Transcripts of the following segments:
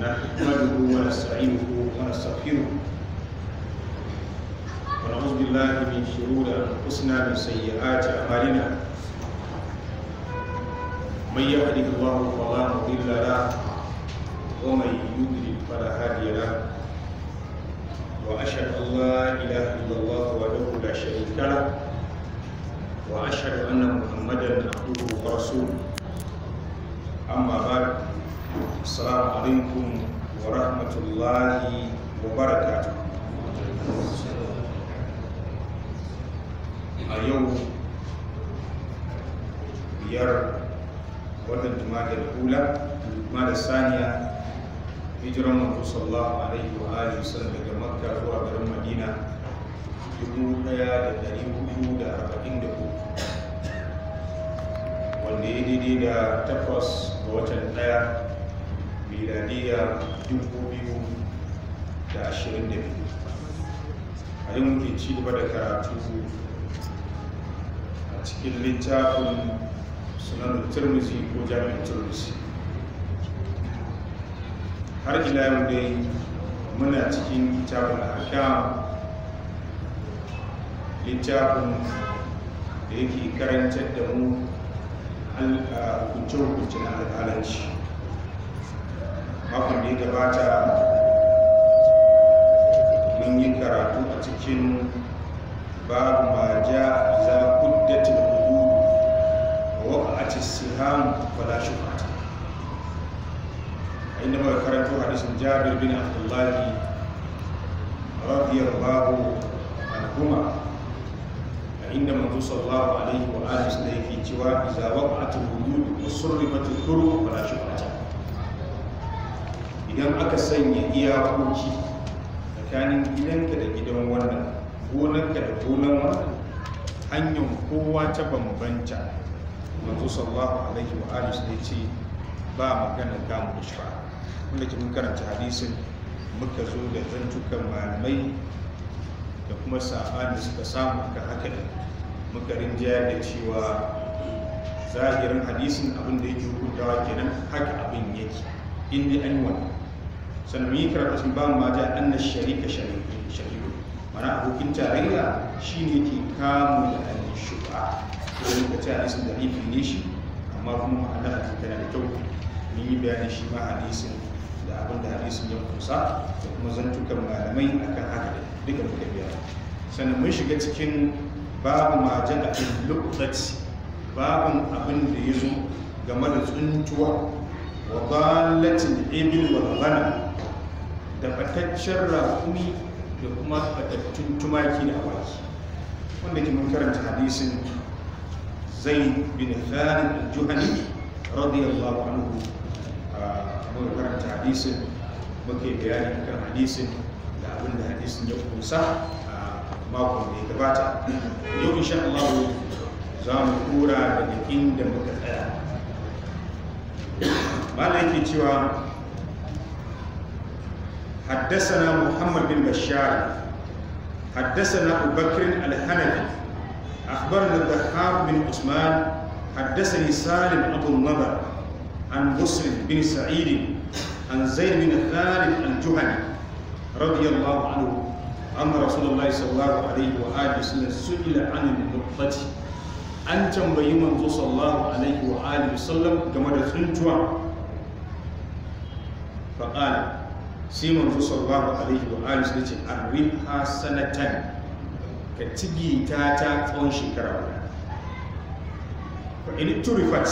نحمده ونستعينه ونستغفره ونعوذ بالله من شرور انفسنا من سيئات اعمالنا من يهده الله فلا مضل له ومن يضلل فلا هادي له واشهد ان لا اله الا الله وحده لا شريك له واشهد ان محمدا عبده ورسوله اما بعد assalamu alaikum wa rahmatullahi wa barakatu a yau biyar watan jumadar hula jumadar saniya hijiran mutu sallallahu alaihi wa alihi wasallam daga makka zuwa garin madina hudu, wanda ya daidai da takwas ga watan daya miladiya dubu biyu da ashirin da biyu a yi muke ci gaba da karatu a cikin littafin sunan turmisi ko jami'in turmisi har ila yau dai muna cikin littafin ahkam littafin da yake karantar da mu hukunce-hukunce na alƙalanci makon da ya gabata mun yi karatu a cikin babu ma ja za kuddatin hudu wa waka'atis siham fala a inda mai karatu hadisin Jabir bin babu al'umma, a inda manzo sallallahu alaihi wa alihi yake cewa idza waqa'atul hudud wa surrimatul qurub fala shubhat idan aka sanya iyakoki tsakanin gidanka da gidan wannan gonarka da gonar wannan hanyar kowa ta bambanta manzo sallallahu alaihi wa alihi sai ce ba magana kamu da shafa wanda ke karanta hadisin muka zo da zantukan malamai da kuma da suka samu ka haka ne muka rinjaya da cewa zahirin hadisin abin da yake hukuntawa kenan haka abin yake inda an wani sannan yi karatun ba ma ja na sharika shariku mana abokin tarayya shine ke kamu da ainihin shuba ko yi ka ce hadisin da rifi ne shi amma kuma ma'anar a tana da kyau mun yi bayani shi ma hadisin da abin da hadisin ya kusa da kuma zantukan malamai akan haka da duka muka biya sannan mun shiga cikin babu ma ja a lukutsati babin abin da ya zo game da tsuntuwa wa dalatin ibil wa da fataccen raƙumi da kuma fatattun tumaki da awaki wanda ke mun karanta hadisin zai bin khalid juhani radiyallahu anhu mun karanta hadisin muke bayani kan hadisin da abin da hadisin ya kusa a makon da ya gabata yau insha Allah za mu kura daga inda muka tsaya na yake cewa حدثنا محمد بن بشار حدثنا أبو بكر الحنفي أخبرنا الضحاك بن عثمان حدثني سالم أبو النضر عن مسلم بن سعيد عن زيد بن خالد الجهني رضي الله عنه أن رسول الله صلى الله عليه وآله وسلم سئل عن النقطة ان تنبئ من صلى الله عليه واله وسلم كما da فقال shi manzo sallallahu alaihi wa alihi ya ce arriha sanatan ka cigi ta ta tsawon shekara guda fa in turifat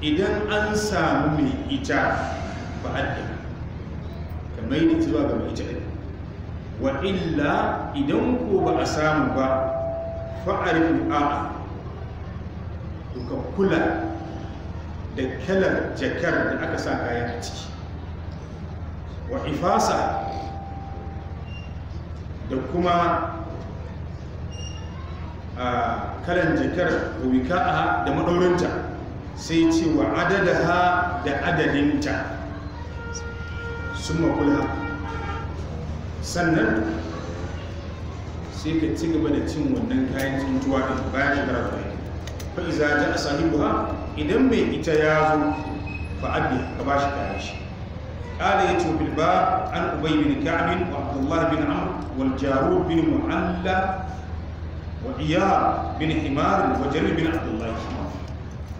idan an samu mai ita ba adda ka mai da zuwa ga mai ita ɗin wa illa idan ko ba a samu ba fa'arif a'a ku ka kula da kalar jakar da aka sa kayan a ciki wa ifasa da kuma a kalan jikar wika'a da maɗaurinta sai ce wa adadaha da adadinta sun makula sannan sai ka ci gaba da cin wannan kayan tuntuwa da bayan shekara da fa'iza ta a sahibu ha idan mai ita ya zo fa'adda ka ba shi kayan shi قال يتو بالباب عن أبي بن كعب وعبد الله بن عمرو والجارود بن معلى وإياد بن حمار وجرير بن عبد الله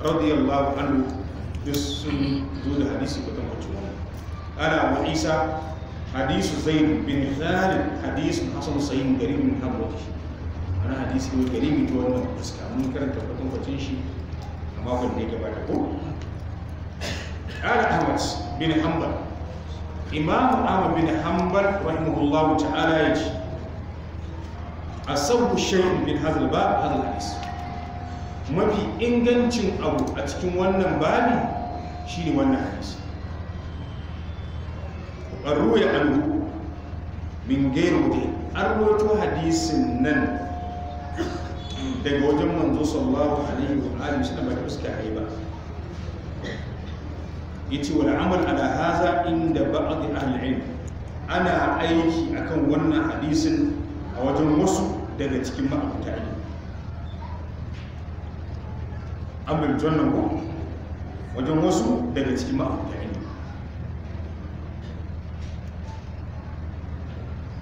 رضي الله عنه بسن دون حديث وتموتون أنا وعيسى حديث زيد بن خالد حديث حسن صحيح قريب من حبوته أنا حديث قريب جوانا بس كامل كرنت وتموتون شيء ما كنت نيجي بعد قال أحمد بن حنبل imamu ahmad bin hanbal rahimahullahu ta'ala ya ce asabu shay'in bin hadal ba hadal hadis mafi ingancin abu a cikin wannan bani shi ne wannan hadis ya anhu min gairu wajhi an roto hadisin nan daga wajen manzo sallallahu alaihi wa alihi wasallam ba fuska ai ba yace wal amal ala hadha inda ba'd ahli ilm ana aiki akan wannan hadisin a wajen wasu daga cikin ma'abuta ilmi an bai wannan ko wajen wasu daga cikin ma'abuta ilmi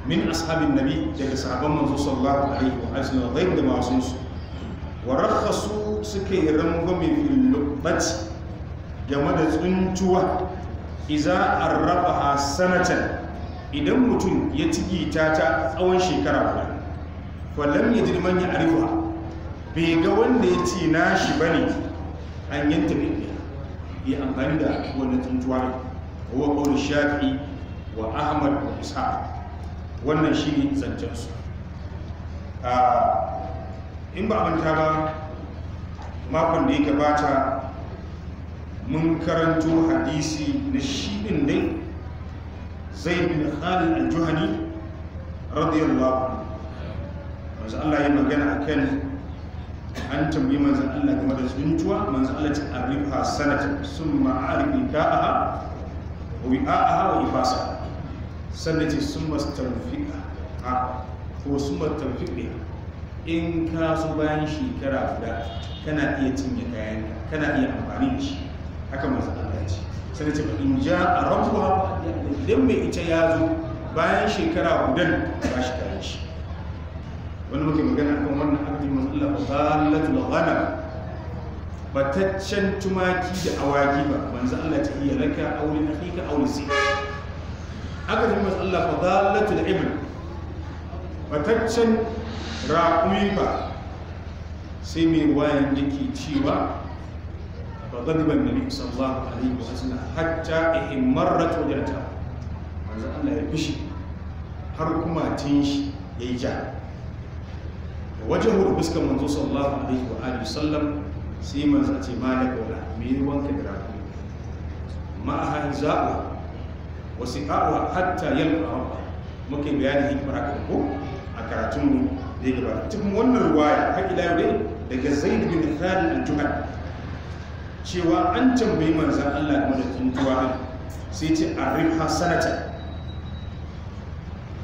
min ashabin nabi daga sahabban manzo sallallahu alaihi wa sallam da masu su wa rakhasu suka yi rangwame fil lubbati game da tsuntuwa iza a sanatan idan mutum ya cigita ta tsawon shekara guda kwallon ya jirman ya arewa bai ga wanda ya ce na shi ba ne an yanta bai ya amfani da wanda tsuntuwa ne wa ƙaunar shafi wa ahmad wa isa wannan shi ne zancensu ah, in ba abin ta ba makon da ya gabata mun karanto hadisi na shi ɗin dai zai bin halin aljuhani radiyallahu manzo Allah ya magana a akan an tambayi manzo Allah game da zuntuwa manzo Allah ta arifa sanata summa arifi ka'a wa wi'a'a wa ifasa sanata summa tarfiqa a ko summa tarfiqa in ka so bayan shekara guda kana iya cinye kayan kana iya amfani da shi haka manzo Allah ce sai ce in ja a rabbuha idan mai ita ya zo bayan shekara gudan ba shi kayan shi wani muke magana akan wannan abin manzo Allah ba zalatul ghanam bataccen tumaki da awaki ba manzo Allah ta iya raka aure na hakika aure sai aka ji manzo Allah fa zalatul ibn bataccen raƙumi ba sai mai wayan yake cewa فغضب النبي صلى الله عليه وسلم حتى احمرت وجهته manzo Allah ya fushi har kuma tin shi yayi ja wajahu fuskar manzo sallallahu alaihi wa alihi sallam sai manzo ce malaka wala me wanka da rafi ma hanza'u wa siqa'u hatta yalqa rabba muke bayani hikmar haka ko a karatun mu da gaba wannan ruwaya har ila yau dai daga Zaid bin Khalid al cewa an tambayi manzan Allah game da tuntuwa sai ce a rifha sanata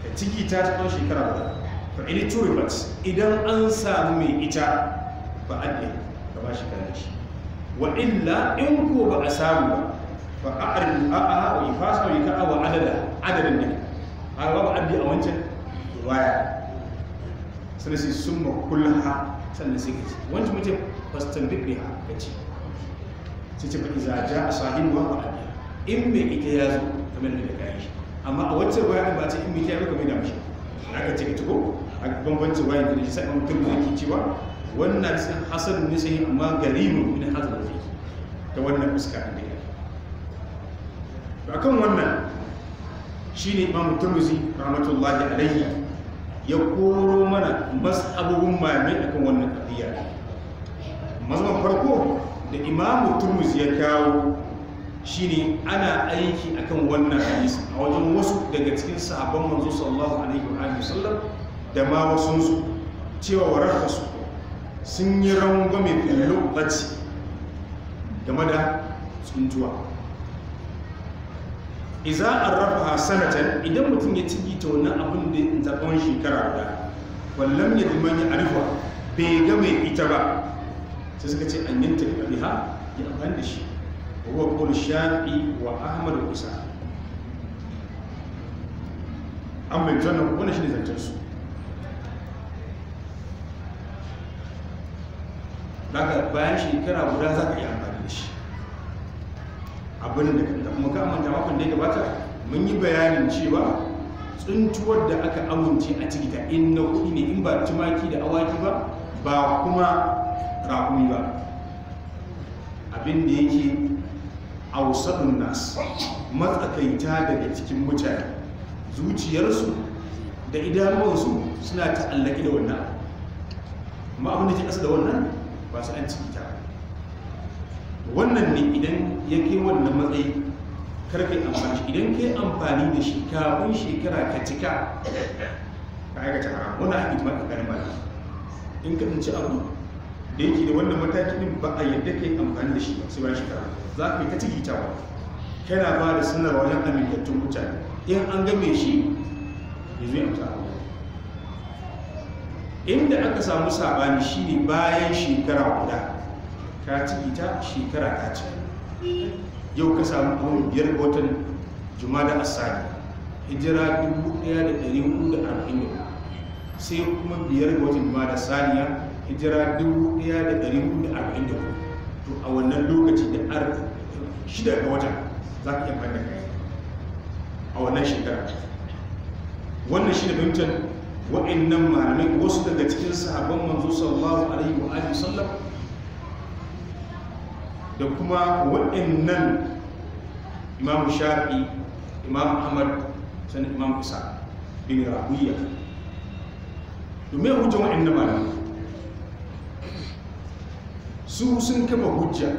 ka ciki ta tsawon shekara ba fa ini turibat idan an samu mai ita ba ɗaya ka ba shi kayan shi wa illa in ko ba a samu ba ba a ardu a a wa fasa wa ka'a wa adadin ne a ba ba a wancan waya sai sun ma kullaha sannan sai ka wancan mutum fastan ha sai ce faɗi za ja a sahin wa faɗa in mai ita ya zo kamar da daga shi amma a wancan waya ba ce in mai ta ya zo da mashi aka ce ita ko a bambancin wayan da shi sa'in mutum da ke cewa wannan sai hasan ne sai amma garimu min hazar zai ta wannan fuska da ya to akan wannan shi ne shine imam turmizi rahmatullahi alayhi ya koro mana mas'abun mami akan wannan qadiya mazman farko da imamu turmus ya kawo shine ana aiki akan wannan hadisi a wajen wasu daga cikin sahabban manzo sallallahu alaihi wa alihi wasallam da ma wasu su cewa su sun yi mai fil luqati game da tsuntuwa idza arrafa sanatan idan mutum ya ciki ta wannan abin da zaɓon shekara guda wallam yadman ya arifa bai ga mai ita ba sai suka ce an yin tafi biha ya amfani da shi wa qul shafi wa ahmad wa isa an bai jannan wannan shine zancen su daga bayan shekara guda za ka yi amfani da shi abin da kanta kuma ka manta makon da ya gabata mun yi bayanin cewa tsuntuwar da aka amince a cikin ta in na ne in ba tumaki da awaki ba ba kuma rakumi ba abin da yake ausadun nas matsakaita daga cikin mutane zuciyarsu da idanuwansu suna ta'allaki da wannan amma abin da ke ƙasa da wannan ba su an ciki ta wannan ne idan ya kai wannan matsayi karfe amfani idan yi amfani da shi kafin shekara ka cika ka aikata haram wani haƙi ma ka gani in ka ci abu da yake da wannan mataki din ba a yadda kai amfani da shi ba sai bayan shekara za ka yi ta tigitawa kana ba da sunar wajen amintattun mutane in an game shi ya zo ya amsa inda aka samu sabani ne bayan shekara guda ka ta shekara ta ce yau ka samu abin biyar watan jumada asali hijira 1440 sai kuma biyar watan jumada saniya hijira 1444 to a wannan lokaci da ar shida ga wata za ka iya fara kai a wannan shekara wannan shi da fahimtar wa'annan malamai wasu daga cikin sahabban manzo sallallahu alaihi wa alihi sallam da kuma wa'annan imamu shafi imamu ahmad sannan imamu isa bin rahuya domin hujjan wa'annan malamai su sun kama hujja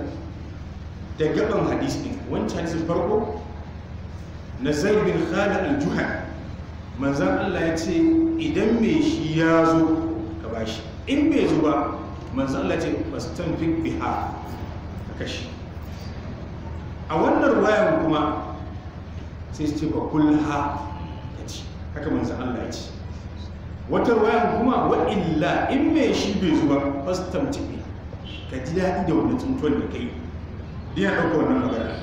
da gaban hadis ɗin wancan hadisin farko na zai bin khala al juhar manzan Allah ya ce idan mai shi ya zo ka ba shi in bai zo ba manzan Allah ya ce fastan fi biha ka kashi a wannan wayan kuma sai su ce ba kulha ya ce haka manzan Allah ya ce wata wayan kuma wa illa in mai shi bai zo ba fastan fi ka ji daɗi da wani tuntun da kai iya ɗauka wannan magana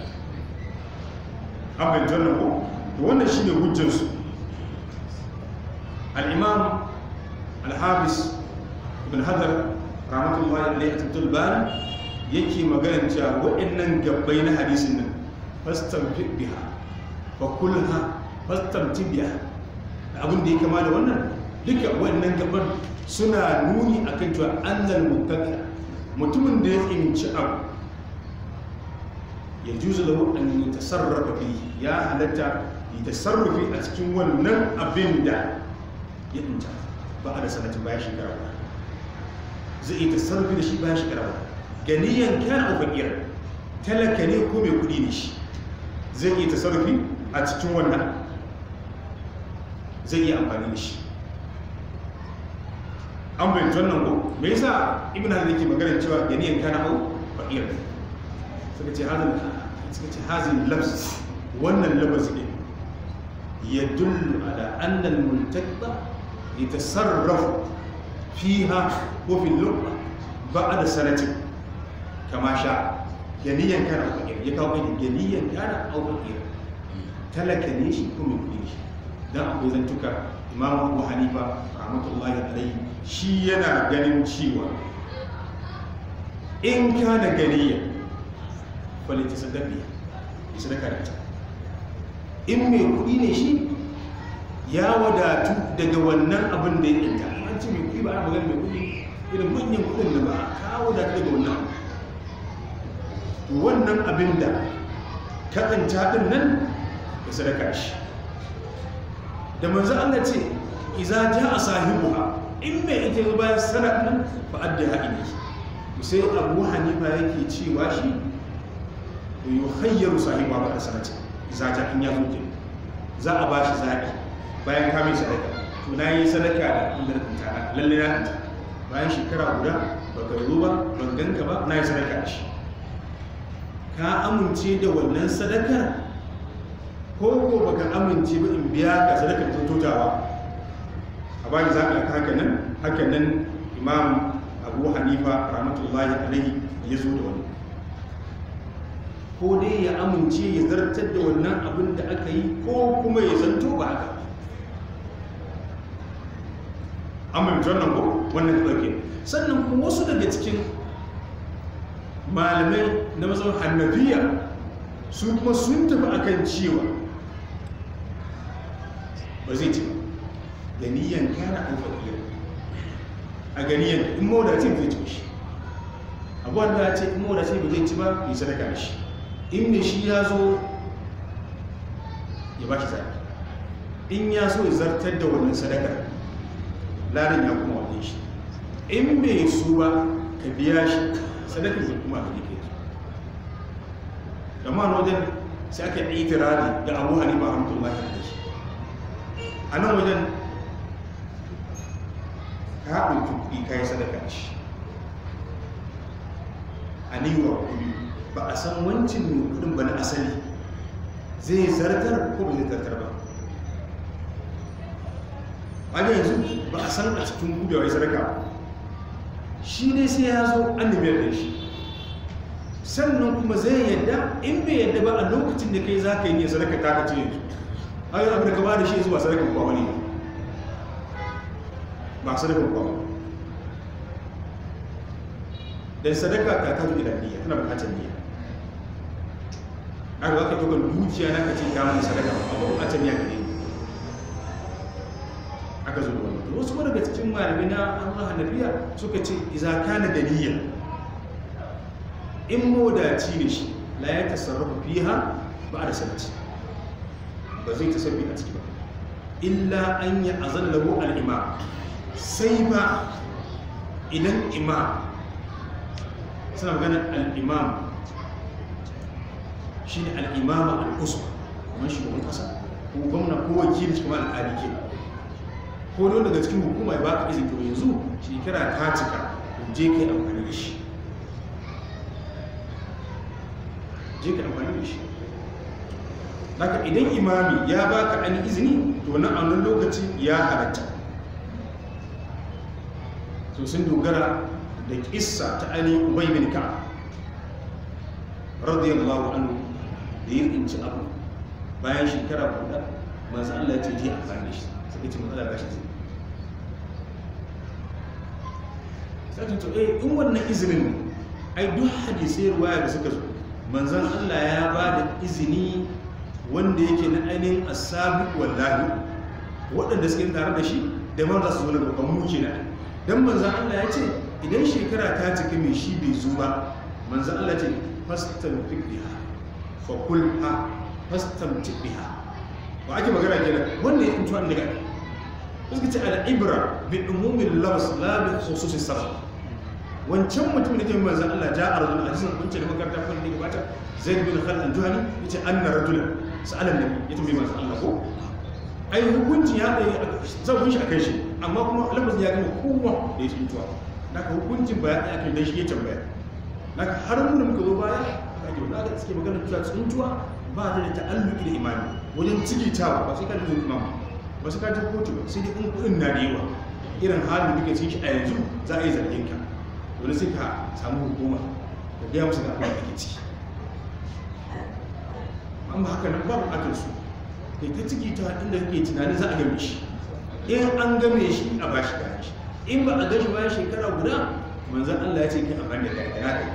abin jannan ko da wannan shi ne hujjansu al'imam al-habis ibn hadar da ya tuntun bani yake maganin cewa waɗannan gabbai na hadisin nan fastamfi biha ha fastan tibiya Da abin da ya kama da wannan duka waɗannan gabbar suna nuni akan cewa annal muttaqi mutumin da ya fahimci abu ya juzu da waɗanda ya tasarrafa fi ya halatta ya sarrafi a cikin wannan abin da ya tsinta ba a da sanatin bayan shekara ba zai yi sarrafi da shi bayan shekara ba ganiyan kyan alfaƙiyar talaka ne ko mai kuɗi ne shi zai yi sarrafi a cikin wannan zai yi amfani da shi an bai wannan ko me yasa ibn hazm yake magana cewa yani yan kana au faqir suka ce hazin suka ce hazin lafs wannan lafs ne yadullu ala anna al-multaqa yatasarrafu fiha ko fi luqma ba'da sanati kama sha yani yan kana au faqir ya kawo yani yan kana au faqir talaka ne shi kuma kudi shi dan zan tuka imamu abu hanifa rahmatullahi alaihi shi yana ganin cewa in kana ganiya kwalita sadabiya ya sadaka da ta in mai kudi ne shi ya wadatu daga wannan abin da ya ɗinta an ce mai kudi ba a magana mai kudi irin manyan kudin da ba a kawo da daga wannan wannan abin da kaɗanta ɗin nan ya sadaka shi da manzo Allah ce iza ja a sahibuha in mai ita ga bayan sanad nan fa adda haƙi sai abu hanifa yake cewa shi yuhayyaru sahi ba ba a zaja in ya zo ke za a ba shi zaɓi bayan kamin sadaka to na yi sadaka da inda na tantana lalle na tantana bayan shekara guda ba ka zo ba ban ganka ba na yi sadaka da shi ka amince da wannan sadakar ko ko baka amince ba in biya ka sadakar ta totawa kamar za a haka nan haka nan imam abu hanifa rahmatullahi alaihi ya zo da wani ko dai ya amince ya zartar da wannan abin da aka yi ko kuma ya zanto ba haka amma nan ko wannan da ɗauke sannan kuma wasu daga cikin malamai na mazan hannabiya su kuma sun tafi akan cewa ba zai ce ba da niyan kana an faɗi a gani niyan in ce bai ci shi abu wanda ce in mawada ce bai ci ba yi sadaka da shi in ne shi ya zo ya ba shi zaɓi in ya so ya zartar da wannan sadakar larin ya kuma wajen shi in bai su ba ka biya shi sadakar da kuma abin da ke da man wajen sai aka yi itirari da abu halifa hamdulillah da shi a nan wajen ka ɗauki kuɗi ka yi sadaka shi a niwa kuɗi ba a san wancin mai kuɗin ba na asali zai zartar ko ba zai zartar ba wajen yanzu ba a san a cikin gudawa yi sadaka shi ne sai ya zo an nimiyar da shi sannan kuma zai yadda in bai yadda ba a lokacin da kai za ka yi ne sadaka ta ka ce yanzu har yi abin da ka ba da shi zuwa sadaka ba wani ne masu rufin kwamma don sadaka ta kawo ilan niyya tana bukacin niyya a ba ka dogon dukiya na ka ce kamun sadaka ba ba bukatar niyya gare A aka zo da wani wasu kuma daga cikin malami na allah hanabiya suka ce iza kana da niyya in ci ne shi la ta sarrafa fiha ba a da sarci ba zai ta sarfi a ciki ba illa an yi azan lagu al'ima sai ba idan imam suna magana al'imam shi ne al'imama al'usu kamar shugaban ƙasa ko gwamna ko wajen shi kuma al'adi ke ko don daga cikin hukuma ya baka izin to yanzu shekara ta cika je kai amfani da shi je ka amfani da shi daga idan imami ya ba ka an izini to na a lokaci ya halatta to sun dogara da kissa ta ainihin ubay bin ka radiyallahu anhu da ya tsinci abu bayan shekara guda masu Allah ya ce je a same shi suka ce matsala ba shi ce sai to eh in wannan izinin ne ai duk hadisai ruwaya da suka zo manzon Allah ya ba da izini wanda yake na ainihin asabi wallahi waɗanda suke tare da shi da marasa su zo na ke muke na dan manzan Allah ya ce idan shekara ta cika mai shi bai zo ba manzan Allah ce fastan fiqha fa kul ha fastan tibiha ba ake magana kenan wannan ya intuwa daga suka ce al'ibra bi umumin lafs la bi khususi sabab wancan mutum da ke manzan Allah ja a rajul a cikin kunce da makarta kun ne gabata zaid bin khalid juhani yace anna rajulan sa'alan nabi ya tambaye manzan Allah ko ai hukunci ya dai zan kunshi akan shi amma kuma lafazin ya gama kowa da ya cutuwa na da ka hukuncin baya ɗaya ake don shi ya tambaya da ka har mu da muka zo baya ake wani aka suke magana sun tsuntuwa ba ta da ta'alluki da imani wajen ta ba sai ka ji imam ba sai ka ji kotu ba sai dai in kuɗin na da yawa irin halin da kake ciki a yanzu za a yi zargin ka wani sai ka samu hukuma da gaya musu da abin ake ciki amma haka nan babu akan su kai ta ciki ta inda kake tunanin za a gami shi in an game shi a bashi gane shi in ba a shi bayan shekara guda manzan Allah ya ce ki amfani da kayan kana kai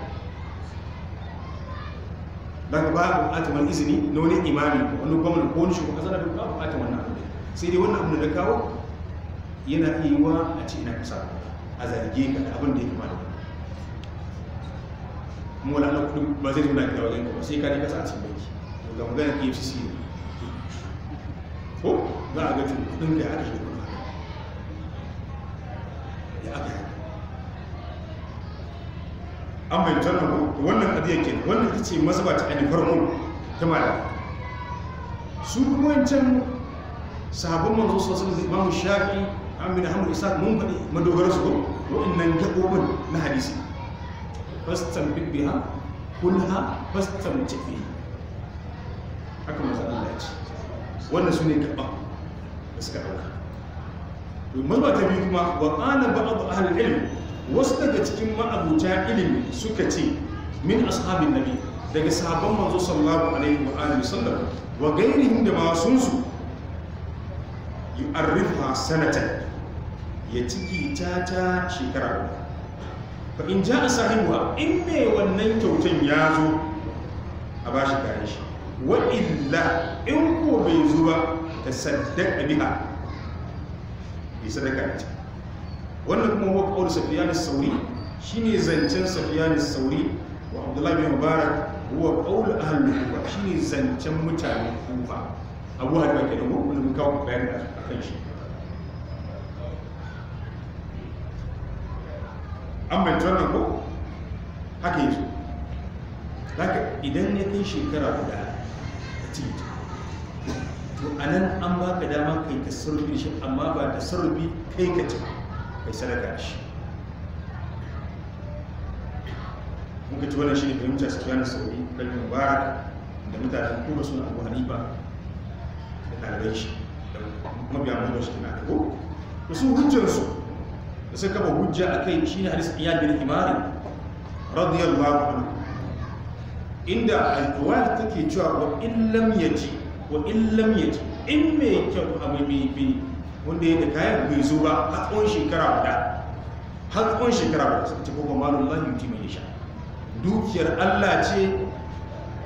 ba ka ba buƙatar wani izini na wani imami ko wani gwamnati ko wani shugaban kasa duka ba buƙatar wannan abu sai dai wannan abu da kawo yana iya wa a ce ina kasa a zarge ka da abin da ya kamata kuma wani ana kudu ba zai zuna gida wajen kuma sai ka ne kasa a cikin banki ga magana efcc ne ko za a ga kudin da ya aka shiga an bai tantar wannan adiyar ke wannan ita ce masu ba ta ainihin farko ta mara su kuma wancan sabon manzo sosai da imamu shafi amina hamdu isa mun faɗi madogara su wa'annan gaɓoɓin na hadisi fastan bibbiha kulha fastan cifi haka masu allah ce wannan su ne gaɓa da suka ɗauka mazba ta biyu kuma wa qala ba'd ahli ilmi wasu daga cikin ma'abuta ilimi suka ce min ashabin nabi daga sahabban manzo sallallahu alaihi wa alihi sallam wa gairihim da sun su yu'arrifa sanatan ya ciki ta ta shekara fa in ja ja'a sahibuha in me wannan kyautan ya zo a shi kayan shi wa illa in ko bai zo ba ta saddaka biha yi sadaka da ce wannan kuma wa qawlu sufyan as-sauri shine zancen sufyan sauri wa abdullahi bin mubarak huwa qawlu ahli kufa shine zancen mutane kufa abu hanifa da ko mun kawo a akan shi an bai wannan ko haka yi su idan ya kai shekara guda a cikin to a nan an ba ka dama kai tasarrufi shi amma ba tasarrufi kai ka ci kai sadaka shi mun ka ci wannan shi ne fahimta su kiyanar sauri kan mubarak da mutanen kuma suna abu hanifa da ɗalibai shi da mabiya mai shi na dago da su hujjarsu da suka kama hujja a kai shi ne hadis iya bin imari radiyallahu anhu inda alkuwar take cewa wa illam yaji wa illam ya ce in me kyau abu mai bi wanda ya da kayan bai zo ba har tsawon shekara guda har tsawon shekara guda sun tafi kuma malum lahi yuti mai sha dukiyar Allah ce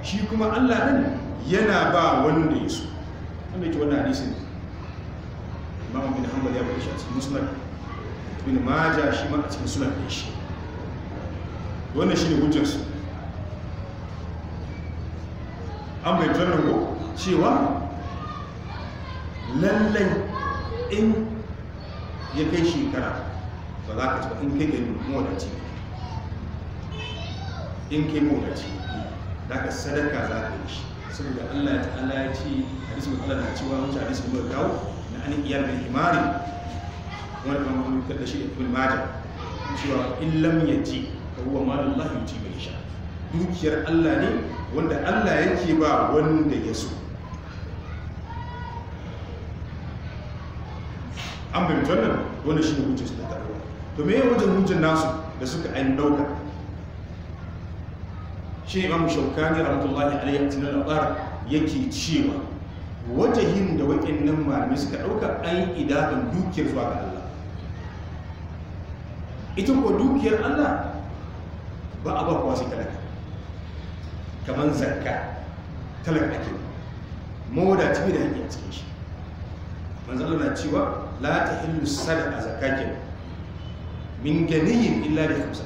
shi kuma Allah nan yana ba wanda ya so wanda ke wannan hadisin Imam bin Hanbal ya bari shi a cikin musulman bin Majah shi ma a cikin Sunan ya shi wannan shi ne su an bai tsarin ko cewa lallai in ya kai shekara ba za ka ci in kai gani mawadaci in kai mawadaci za ka sadaka za ka yi shi saboda allah ya ta'ala ya ce hadisun allah na cewa wuce hadisun mai kawo na an iyar da himari wani kan wani kada shi ibn majah cewa in lam ji ka ruwa malul lahi ci bai sha dukiyar allah ne wanda allah yake ba wanda ya so an bai wannan wannan shine hujjar su da ta to me ya wajen hujjar nasu da suka ayin dauka shi imam shaukani rahmatullahi alaihi wa sallam yake cewa wajahin da nan malami suka dauka an yi idakan dukiyar zuwa ga Allah ita ko dukiyar Allah ba a ba kuwa sai talaka kamar zakka talaka ake mawadaci da hanyar cikin shi manzo na cewa la ta hillu a zakake min ganiyin illa da hamsa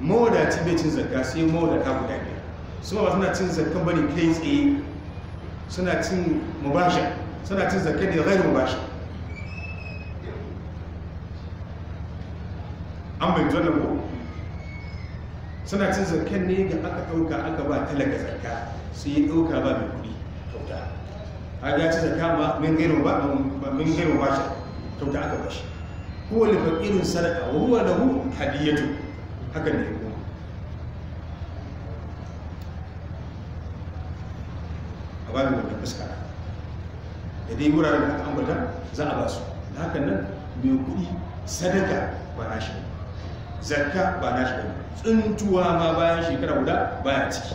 mawadaci bai cin zakka sai mawadata guda biyar su ma suna cin zakkan bane kai tsaye suna cin mubasha suna cin zakka da gairu mubasha an bai zuwa ko suna cin zakkan ne ga aka ɗauka aka ba talaka zakka sai ɗauka ba mai kuɗi a ya ci zaka ba min gairu ba min gairu ba shi kyauta aka bashi huwa li faqirin sadaqa wa huwa lahu hadiyatu haka ne ko a ba mu da fuska da dai wuraren da aka ambata za a ba su da hakan nan mai kuɗi sadaka ba na shi zakka ba na shi tsuntuwa ma bayan shekara guda baya ciki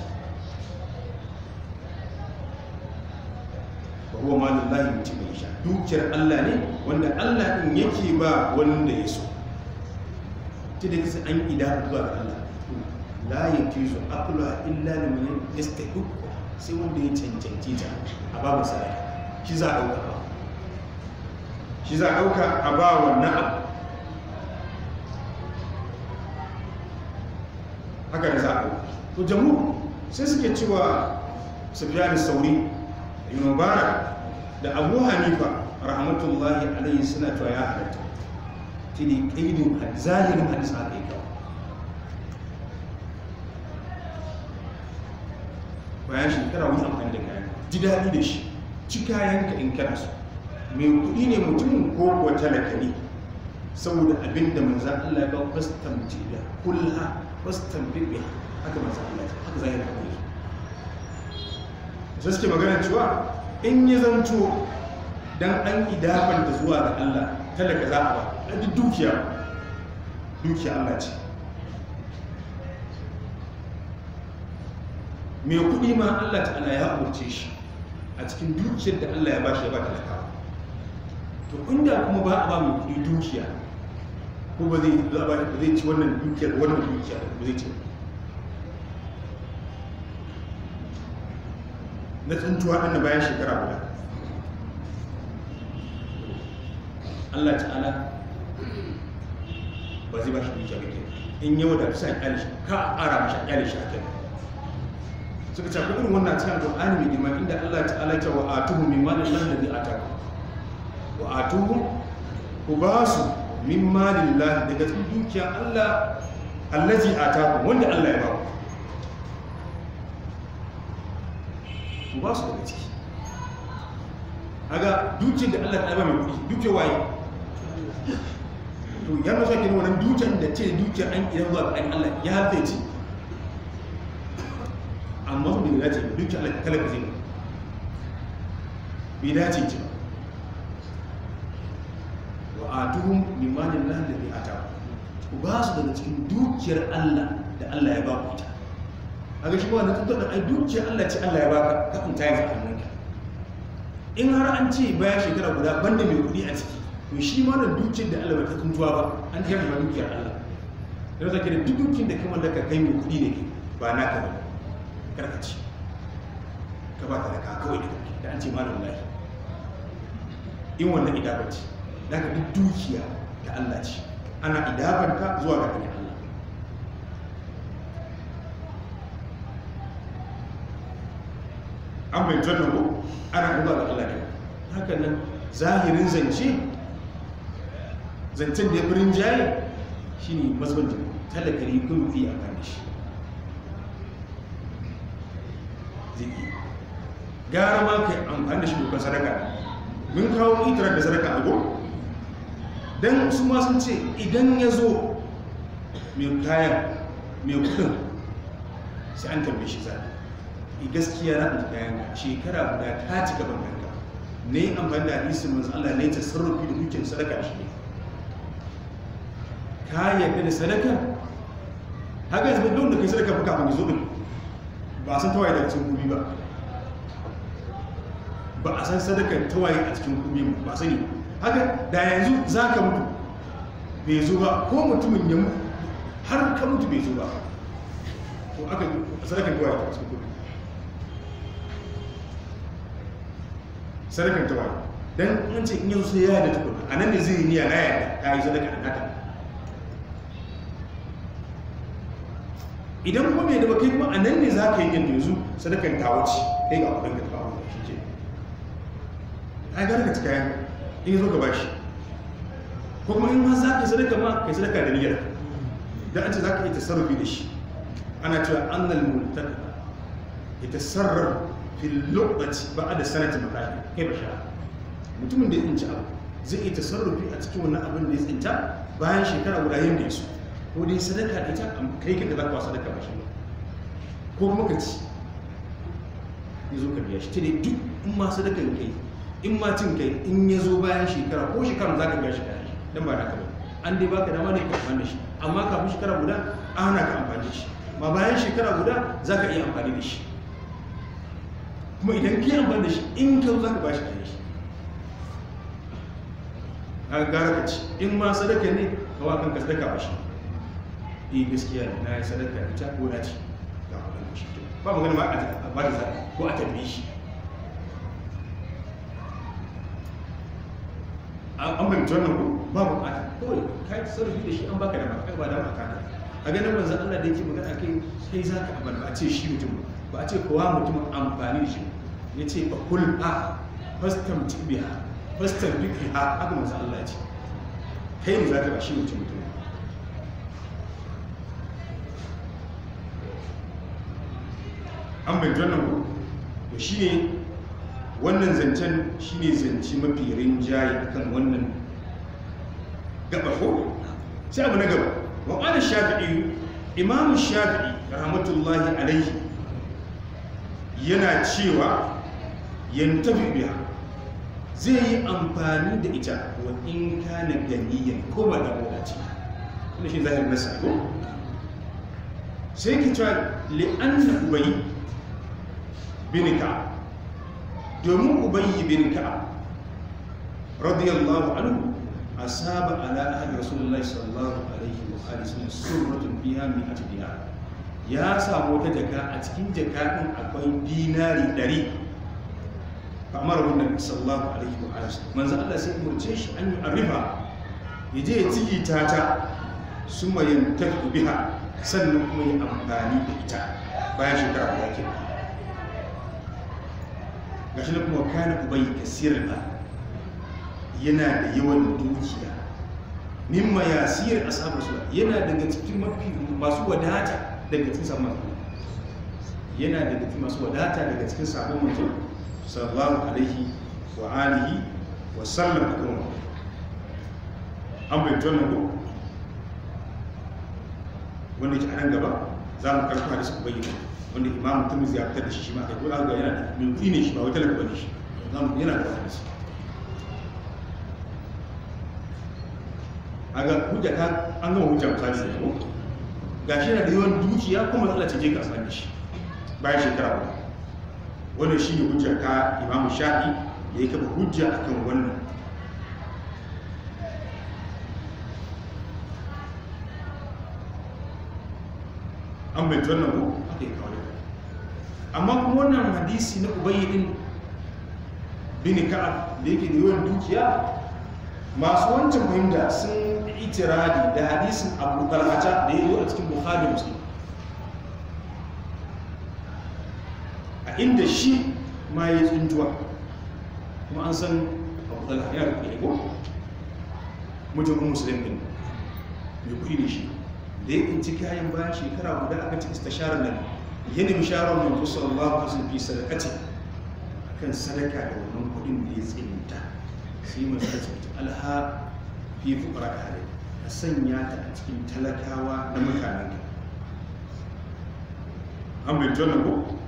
huwa malin lahi mutum ya sha dukiyar Allah ne wanda Allah ɗin yake ba wanda ya so ta da kasa an ida zuwa ga Allah la ya su akula illa da mai iska duk sai wanda ya cancanci ta a ba masa rai shi za a ɗauka ba shi za a ɗauka a ba wannan abu haka da za a ɗauka to jamu sai suke cewa da sauri yi mubarak da abu hanifa rahmatullahi alaihi suna cewa ya halatta ta ne ƙaidun zahirin hadisa a yi kawo bayan shekara wani amfani da kayan ji daɗi da shi ci kayan ka in kana su mai kuɗi ne mutumin ko kuwa talaka ne saboda abin da manzan Allah ga kawo kwastamci da kulla kwastamci da haka manzan Allah haka zai na kawai sai suke magana cewa in ya zanto dan an da zuwa ga Allah talaka za a ba duk dukiya dukiya Allah ce mai kuɗi ma Allah ta'ala ya umarce shi a cikin dukiyar da Allah ya ba shi ya ba talaka to inda kuma ba a ba mai kudi dukiya ko ba zai ci wannan dukiyar wannan dukiyar ba zai ci ba na tsuntuwa ɗan bayan shekara guda Allah ta'ala ba zai ba shi dukiya ba in yau da sa kyale shi ka ara mashi kyale shi kai suka ce irin wannan cikin ƙwa'ani mai girma inda Allah ta'ala ta wa'atuhum min malin lahi wa a tuhu ku ba su min malin lahi daga cikin dukiya Allah allazi ataka wanda Allah ya ba ku ku ba su daga ciki aga dukiyar da Allah ta ba mai kudi dukiyar waye to ya nasa kenan wannan dukiyar da ce dukiyar an idan zuwa ga Allah ya hafe ci amma su bai dace dukiyar Allah kala ka zai bai dace ci wa atuhum min malin lahi da bai ata ku ba su daga cikin dukiyar Allah da Allah ya ba ku ita a ga shi ba wannan tattauna ai dukiya Allah ce Allah ya baka ka kun tayin a hannunka in har an ce bayan shekara guda banda mai kuɗi a ciki to shi ma wannan dukiyar da Allah ta kuntuwa ba an ji ba dukiyar Allah da zaka da duk dukiyar da ka mallaka kai mai kuɗi ne ba naka ba karkaci ka ba ka da kawai da kake da an ce malam lahi in wannan idaba ce da ka duk dukiya da Allah ce ana ka zuwa ga Allah an bai tunan ku ana kuma da Allah ne haka nan zahirin zance zancen da ya birin jaye shi ne mazbanci talakari kun fi a kan shi ziki gara ma kai amfani da shi dokar sadaka mun kawo itar da sadaka a go don su ma sun ce idan ya zo mai kayan mai kudin sai an tambaye shi zaɓi gaskiya na alkayan shekara guda ta ci gaban kanka ne amfani da hadisin manzo Allah ne sarrafi da dukiyar sadaka shi ka yi da sadaka haka yanzu don da kai sadaka fa ba mai din ba san tawaye daga cikin kubi ba ba a san sadaka tawaye a cikin kubi ba ba sani haka da yanzu za ka mutu bai zo ba ko mutumin ya mutu har ka mutu bai zo ba to aka sadakar tawaye a cikin kubi sadakan ta wani don an ce in yanzu sai ya da tukuna a nan ne zai yi niyya na yadda ta yi sadaka da nata idan kuma mai daba kai kuma a nan ne za ka yi yin yanzu sadakan ta wuce kai ga kudin ka kawo shi ke ai gara ka cika yan in zo ka bashi ko kuma in ma za ka yi sadaka ma ka yi sadaka da niyyar da an ce za ka yi tasarrufi da shi ana cewa annal multaka ita tasarrafu fil lu'bati ba da sanati makafi kai ba sha mutumin da ya tsinci abu zai iya tasarrufi a cikin wannan abin da ya tsinta bayan shekara guda yin da ya so ko dai sadaka da ita kai kanka za ka sadaka ba shi ko muka ci ya zo ka biya shi ta dai duk in ma sadakan kai in ma cin kai in ya zo bayan shekara ko shekara za ka biya shi shi don ba na ka ba an dai baka dama ne ka amfani da shi amma kafin shekara guda ana ka amfani da shi ma bayan shekara guda za ka iya amfani da shi kuma idan ka ba da shi in kyau za ka ba shi a shi a gara ka ci in ma sadaka ne ka wa kanka sadaka ba shi in eh, gaskiya na yi sadaka da ta ko ci ga da shi ba gani ma a ba da zaɓi ko a tambaye shi an bambanci nan ko ba bukata kawai ka yi sarrafi da shi an baka da maka ba da maka ka a ganin manzan Allah da yake magana kai kai zaka abar ba a ce shi mutum ba a ce kowa mutum amfani da shi ba ya ce ba fastan fastam cibiya fastan biki ha haka masu Allah ce kai mu za ta ba shi mutum mutum an bai jona ku to shi ne wannan zancen shi ne zance mafi rinjaye akan wannan gaba ko sai abu na gaba wa ƙwarar shafi'i imamu shafi'i rahmatullahi alaihi yana cewa yantafi biya zai yi amfani da ita wa in kana ganiyan ko ba da wadace kuma shi zahirin na ko sai ki cewa li'anna ubayi bin ka domin ubayi bin ka radiyallahu anhu saba ala ahli rasulullahi sallallahu alaihi wa alihi wa sallam surratun biha min atbiha ya samu wata jaka a cikin jaka ɗin akwai dinari ɗari kamar wannan sallahu alaihi wa alihi manzan Allah sai murce shi an yi arifa je ya ciki ta ta mayan tafi biha sannan kuma ya amfani da ita bayan shekara guda ke shi na kuma kana ubayi kasir ba yana da yawan dukiya mimma a ashabu rasul yana daga cikin mafi masu wadata daga cikin sabon mutum yana daga cikin masu wadata daga cikin sabon mutum sallallahu alaihi wa alihi wa sallam akan an bai tona ko wanda ke anan gaba za mu karfi karɓi hadisi ubayyi wanda imam mutum ya fitar da shi shi ma kai ko ga yana da mun ne shi ba wata laka bane shi za mu yana da hadisi aga hujja ta an gama hujja misali ne ko ga shi da yawan dukiya kuma matsala ce je ga san shi bayan shekara ba wannan shi ne hujja ka imamu shafi da ya kafa hujja akan wannan an bai tunan nan ko aka yi kawo amma kuma wannan hadisi na ubayyadin bini ka'ab da yake da yawan dukiya masu wancan fahimta sun itiradi da hadisin abu talhata da ya zo a cikin buhari muslim a inda shi ma ya tsuntuwa kuma an san abu talhata ya rufe ko mutumin musulmi ne mai kuɗi ne shi da ya tsinci kayan bayan shekara guda aka ci istasharar nan ya nemi sharar manzo ba ku sun fi a kan sadaka da wannan kuɗin da ya tsinta sai masu ta alha fi kare a sanya ta a cikin talakawa na mutanen ka an bai jona ko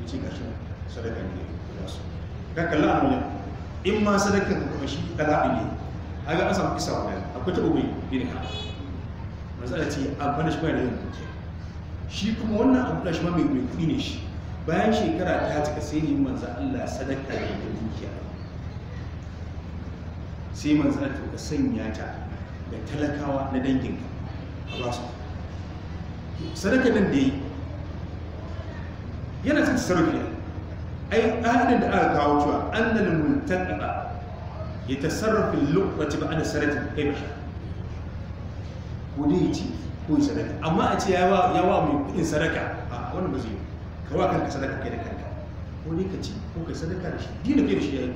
ya ce gashi sadaka ne ya su kaka la'amuya in ma sadaka ka kuma shi ɗala'a ne a ga asan isa wani akwai ta ubai bin ha masu ala ce amfani shi bayan yin kuke. shi kuma wannan abu da shi ma mai kuɗi ne shi bayan shekara ta cika sai ne manzan allah sadaka ne da dukiya sai manzan ta sanya ta da talakawa na danginka a ba su sadaka nan da yi yana cikin sarrafi ai ɗanin da aka kawo cewa annal multaqa ya ta sarrafi lokaci ba ana sadaka kai ba ko ya ce ko sadaka amma a ce ya wa mai kudin sadaka a wani ba zai yi kawai kanka sadaka kai da kanka ko ne ka ce ko ka sadaka da shi dina kai da shi yi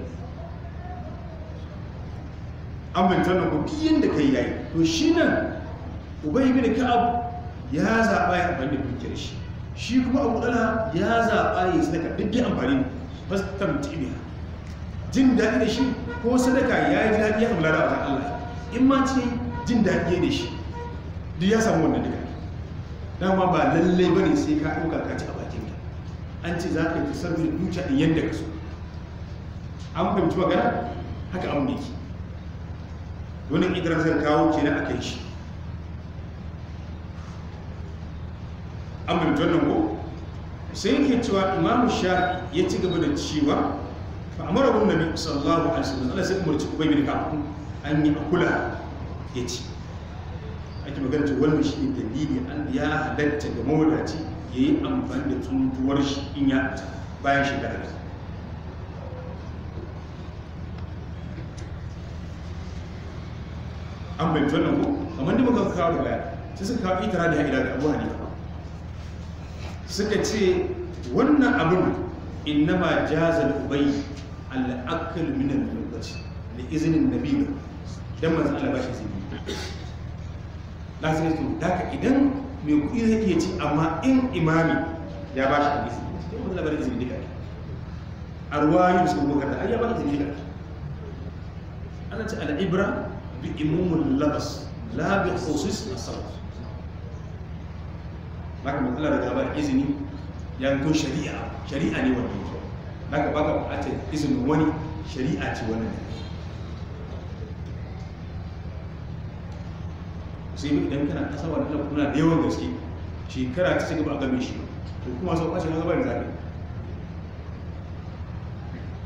amintar da ku duk kai yayi to shi nan da ibn ka'ab ya zaɓa ya amfani da shi shi kuma abu dala ya zaɓa ya sadaka duk ya amfani ba su tamti jin daɗi da shi ko sadaka ya yi daɗi ya amlara a Allah in ma ce jin daɗi da shi duk ya samu wannan duka dama ba lallai bane sai ka ɗauka ka ci a bakin ka an ce za ka yi tasarrufin dukiya in yadda ka so an fahimci magana haka an miki donin idrar zan kawo ke na akai shi an bin tunan ko sai yake cewa imamu sha ya ci gaba da cewa fa amara bin nabi sallallahu alaihi wasallam Allah sai umarci ubay bin ka'ab an yi akula ya ci ake magana ce wannan shi ne dalili an ya halatta ga mawadaci ya yi amfani da tuntuwar shi in ya bayan shekara an bai tunan ko kamar da muka kawo da baya sai suka kawo itara da ila da abu hanifa suka ce wannan abin innama jaza ubay al-akl min al-lughati li iznin nabi dan manzo Allah ba shi zai lazimi to daga idan mai kuɗi zai iya ci amma in imami ya ba shi hadisi cikin manzo labarin izini dika arwayu sun bukata ai ya ba shi izini dika ana ce al'ibra. بإموم اللبس labas بخصوص bi لكن مثلا salaf maka mun kula da gabar izini لكن shari'a shari'a إذن wannan شريعة baka sai mu idan kana kasa wannan kuna da yawan gaske shekara ta shiga ba a gami shi to kuma sau ɓace na zaba da ba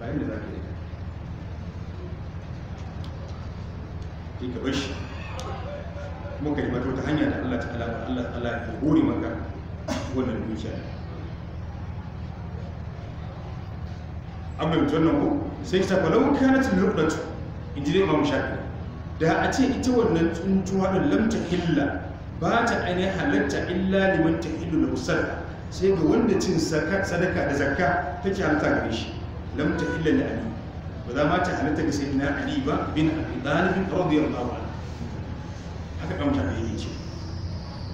bayan da ne sai ka bar shi kuma ka nemi ta hanya da Allah ta'ala Allah ta'ala ya hore maka wannan dukiya amma mutum nan ko sai ka tafa lau kana tun rubdatu in ji dai imam shafi da a ce ita wannan tsuntuwa din lamta hilla ba ta ainihin halatta illa liman ta hillu da sai ga wanda cin sadaka da zakka take halatta gare shi lamta hilla da ali ba za ma ta halatta ga sayyidina ali ba bin abi talib radiyallahu anhu haka kan ta yake ce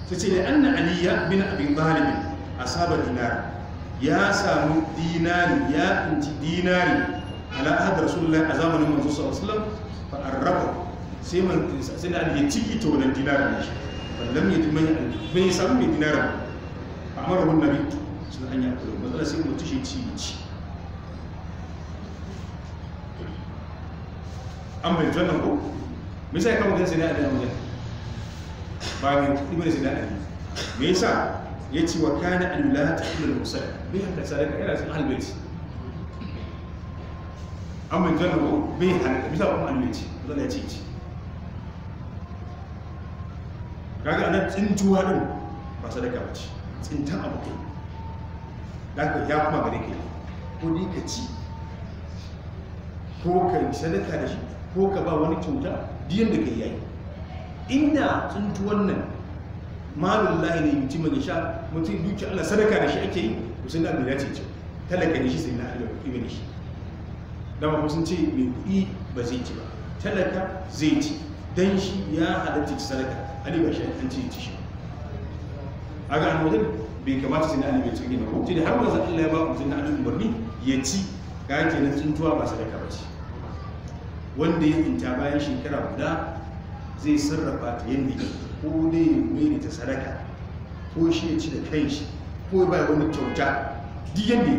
ta ce da anna aliya bin abi talib asaba dinari ya samu dinari ya inci dinari ala ahad rasulullah a zamanin manzo sallallahu alaihi wasallam fa sai man sai da ciki ta wannan dinarin shi wallam ya tuma an ci an bai jannan ko me yasa kama gansa da Ali a wajen ba ne ibn Sina Ali me yasa yace wa kana al-wilayatu kullul musal bi hatta ka ila sun al-bayt an bai jannan ko bi hatta bisa kuma al-bayt zan ya ce ci kaga anan tsintuwa din ba sadaka ba ce ta abu kai da ka ya kuma gare kai ko ni ka ci ko ka sadaka da shi ko ka ba wani kyauta diyan da ka yi inda ci wannan malin lahi ne yuti da sha mutum duki Allah sadaka da shi ake yi musulun da ya ce ce talaka da shi sai na Allah kuɗi da shi dama kuma sun ce mai kuɗi ba zai ci ba talaka zai ci dan shi ya halatta ci sadaka ali ba shi an ce ci shi a ga annabi bai kamata sai na Allah bai ci ne ba ce da har manzo Allah ya ba mutum na Allah umarni ya ci ga kenan tsuntuwa ba sadaka ba ce wanda ya tsinta bayan shekara guda zai sarrafa ta yadda ke ko dai ya da ta sadaka ko shi ya ci da kan shi ko ba wani kyauta duk yadda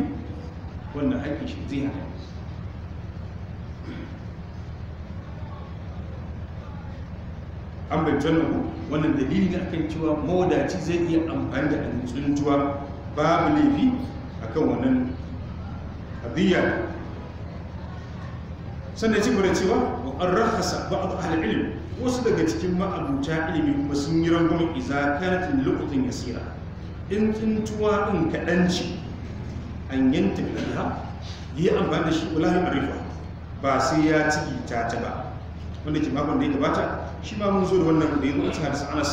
wannan haƙƙin shi zai hana an bai ko wannan dalili da akan cewa mawadaci zai iya amfani da tsuntuwa babu laifi akan wannan abiyar sannan ci da cewa wa an rahasa ba a ahal ilim wasu daga cikin ma'abuta ilimi kuma sun yi rangwamen izakatin lokutan yasira in tsintuwa in kaɗanci an yanta ɗanha yi amfani da shi wulahin arifa ba sai ya ciki ta ta ba wanda ke makon da ya gabata shi ma mun zo da wannan da ya zo a cikin hadis anas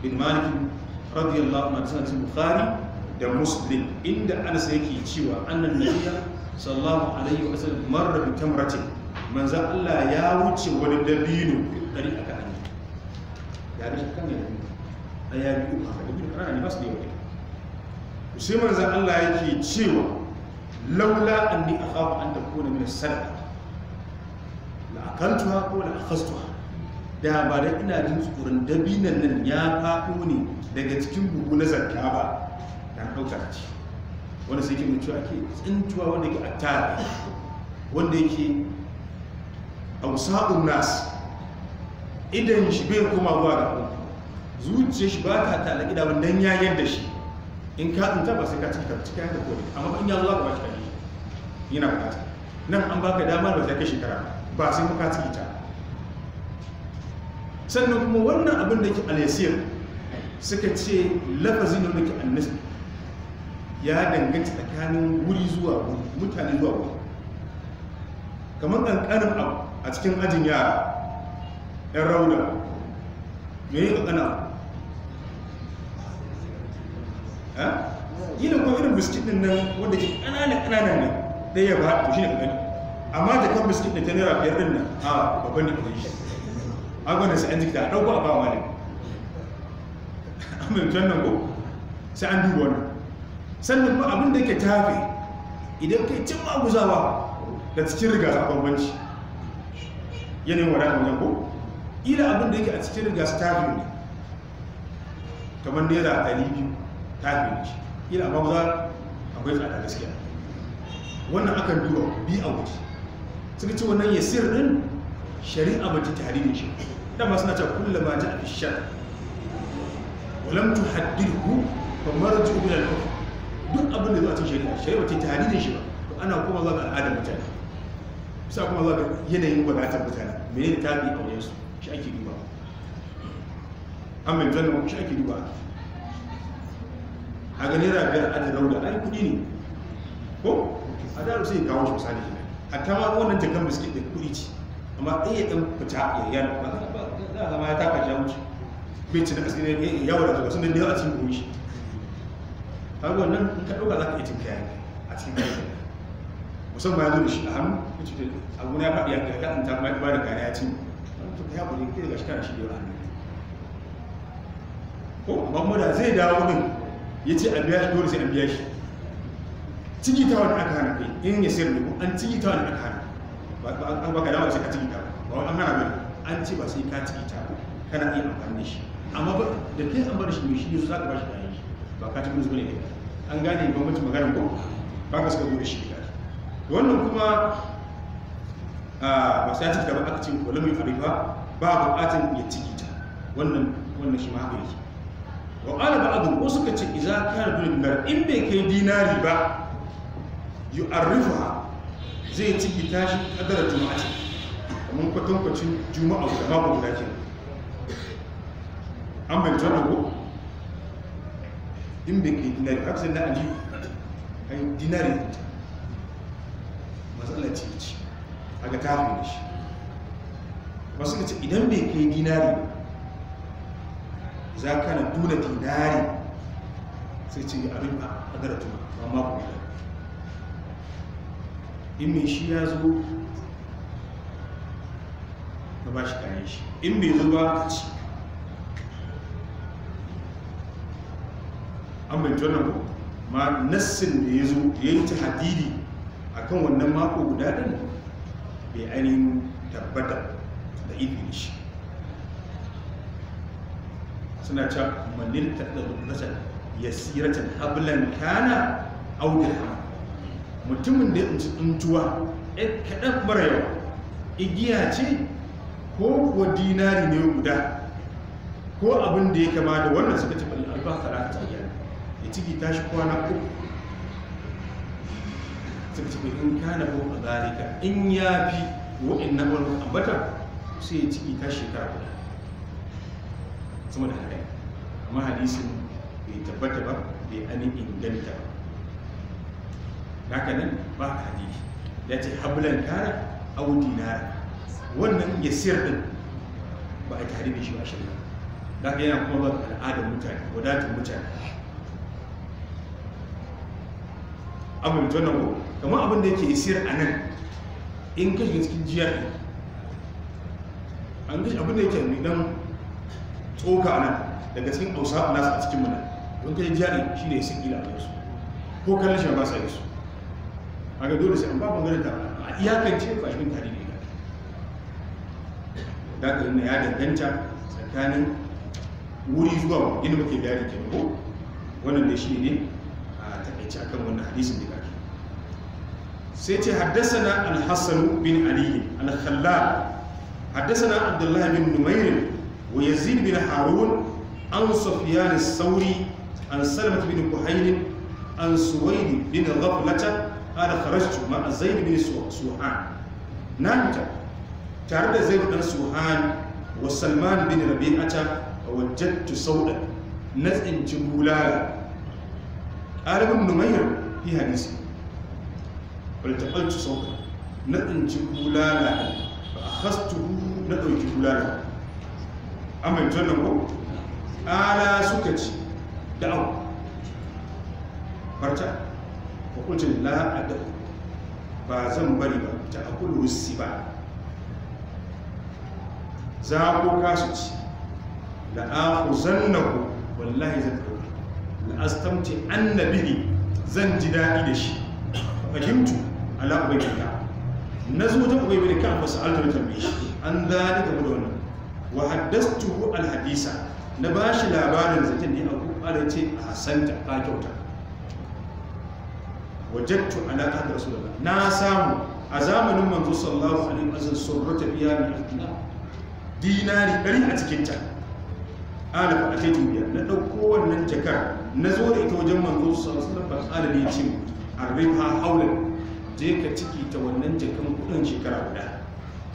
bin malik radiyallahu anhu sanan bukhari da muslim inda anas yake cewa annan nabiyya sallallahu alaihi wa sallam marra bi tamratin manzan Allah ya wuce wani dabino ɗari aka hannu ya da shakkan ya da ya uku haka da biyu ƙanana ne ba su ne sai manzan Allah ya ke cewa laula an ni a hafa an da kone mini sadaka la'akantuwa ko la'akastuwa da ba da ina jin tsoron dabinan nan ya faɗo ne daga cikin buhu na zarka ba dan ɗaukar ci wanda sai ke mutuwa ke tsintuwa wanda ke attara wanda yake ausa'un nas idan shi bai koma zuwa ga kuma zuciyar shi ba ta gida da don ya yadda shi in ka tsinta ba sai ka cika cika da kodi amma in ya zuwa ba shi kare yana bukata nan an baka dama da zai kai shekara ba sai ka ciki ta sannan kuma wannan abin da ke alasiyar suka ce lafazin da ke annis ya danganta tsakanin wuri zuwa wuri mutane zuwa wuri kamar ƙanƙanin abu a cikin ajin yara yan rauna me yi ƙaƙana yi da kuma irin biskit din nan wadda ke ƙananan ƙananan ne da ya ba haɗu shi ne ƙaƙani amma da kan biskit da ta naira biyar din nan a babban da ƙaƙani shi agwanin sai an jikta a ɗauko a ba malin amin tuwan nan ko sai an duba wannan sannan ba abin da ke tafi idan kai cin maguzawa da cikin riga a bambanci yanayin wadannan wajen ko ila abin da yake a cikin gas stadium ne kamar naira ɗari biyu tafi ne shi ila ba za akwai tsada gaskiya wannan akan duba bi a wuce suka ce wannan ya sir din shari'a ba ta tare da shi dan ba suna cewa kullu ma ta fi shar walam tuhaddidhu fa marju ila al-kufr duk abin da zuwa cikin shari'a shari'a ba ta tare da shi ba to ana kuma zuwa ga al'adar mutane bisa kuma zuwa ga yanayin wadatar mutane me ne ta bi su shi ake duba an mai tsanin shi ake duba a da ai kudi ne ko a sai kawo shi misali a ta wannan jakan biskit da kudi ce amma ɗaya ɗan fita ba a zama ya wuce bai ci ne ya yawo da zuwa sun da yawa a wannan in ka ɗauka za ka iya cin kayan a cikin kayan musamman ya zo da shi a hannu ya ce abu na faɗi ya ga ya ta ba da kare ya ci ya kuli ke ga shi kana shi da hannu ko amma da zai dawo din ya ce a biya shi dole sai an biya shi ciki ta wani aka hana kai in ya sayar da ku an ciki ta wani aka hana Ba baka dama sai ka ciki ta ba wani an hana bai an ce ba sai ka ciki ta kana iya amfani shi amma ba da kai an bar shi ne shi ne za ka ba shi kayan shi ba ka ci gudu zuwa an gane bambancin maganar ko ba ka suka zo da shi wannan kuma a wasu ya cika ba aka ce mai arifa ba buƙatar ya ciki ta wannan shi ma haka yake wa ba a dubu suka ce idza kana bil mar in bai kai dinari ba yu'arrifa zai ciki ta shi kadara juma'a ce kamar kwatankwacin juma'a da mako guda ke an bai tana ko in bai kai dinari haka sai na ali dinari matsalar ce ce a ga kafin da shi ba suka ce idan bai kai dinari za ka na duna dinari sai ce abin a ƙadar tuma ba ma ku in mai shi ya zo ka ba shi kayan shi in mai zo ba ka ci an bai tunan ma nassin da ya zo da ya yi ta hadidi akan wannan mako guda din bai ainihin tabbata da ibi shi suna ce manin tattalin ya siratan hablan kana audil mutumin da ya tuntuwa. ya kaɗan barewa igiya ce ko kuwa dinari ne guda ko abin da ya kama da wannan suka ci bali ta salata ya ciki tashi kwana uku suka in kana ko a zarika in ya fi wa'in na wani ambata sai ya ciki ta shekara guda sama da haka amma hadisun bai tabbata ba bai ani inganta ba dakanin nan ba ka hadisi ya ce hablan kara au dinara wannan ya siyar din ba a tare da shi ba shirya da haka yana kuma ba al'adar mutane wadatar mutane abin jona ko kamar abin da yake isiyar a nan in ka shiga cikin jiyar an gashi abin da yake rigan tsoka a nan daga cikin ausa a nasa a cikin mana don kai jiyar shi ne sun ila a su ko kallon shi ba sa yi su a ga dole sai an ba bangaren ta a iyakance ba shi tare ne da ka yana ya danganta tsakanin wuri zuwa inda muke bayani ke ko wannan da shi ne takaice akan wannan hadisin da kake sai ce haddasana al-hasan bin ali al-khallal haddasana abdullah bin numair wa yazid bin harun an sufyan as-sauri an salmat bin Buhaini an suwaid bin ghaflata qala kharajtu ma'a zaid bin suhan nanta tare da zaid bin suhan wa salman bin rabi'ata wajadtu sauda na tsinci bulala ƙarar ibn numayr fi hadisi bal taqaltu sawta na tsinci bulala fa akhastuhu na dauki bulala amma jannan ko ala suka ci da au farta fa kuntu la adab ba zan bari ba ta akulu ba. za ku kasu ci da la akhuzannahu wallahi zan dauki la astamti annabihi zan ji daɗi da shi fahimtu ala ubay na zo ta ubay bin ka'ab wasu altar tambaye shi an zani game da wannan wa haddastuhu al na ba shi labarin zaton ne a ala ce a hasanta ka kyauta wajattu ala qadar rasulullah na samu a zamanin manzo sallallahu alaihi wasallam surrata biya min al dinari ɗari a cikin ta qala a ataitu biya na ɗauko wannan jakar na zo da ita wajen manzo sallallahu alaihi wasallam qala ne ce arribha hawlan je ka ciki ta wannan jakan kudin shekara guda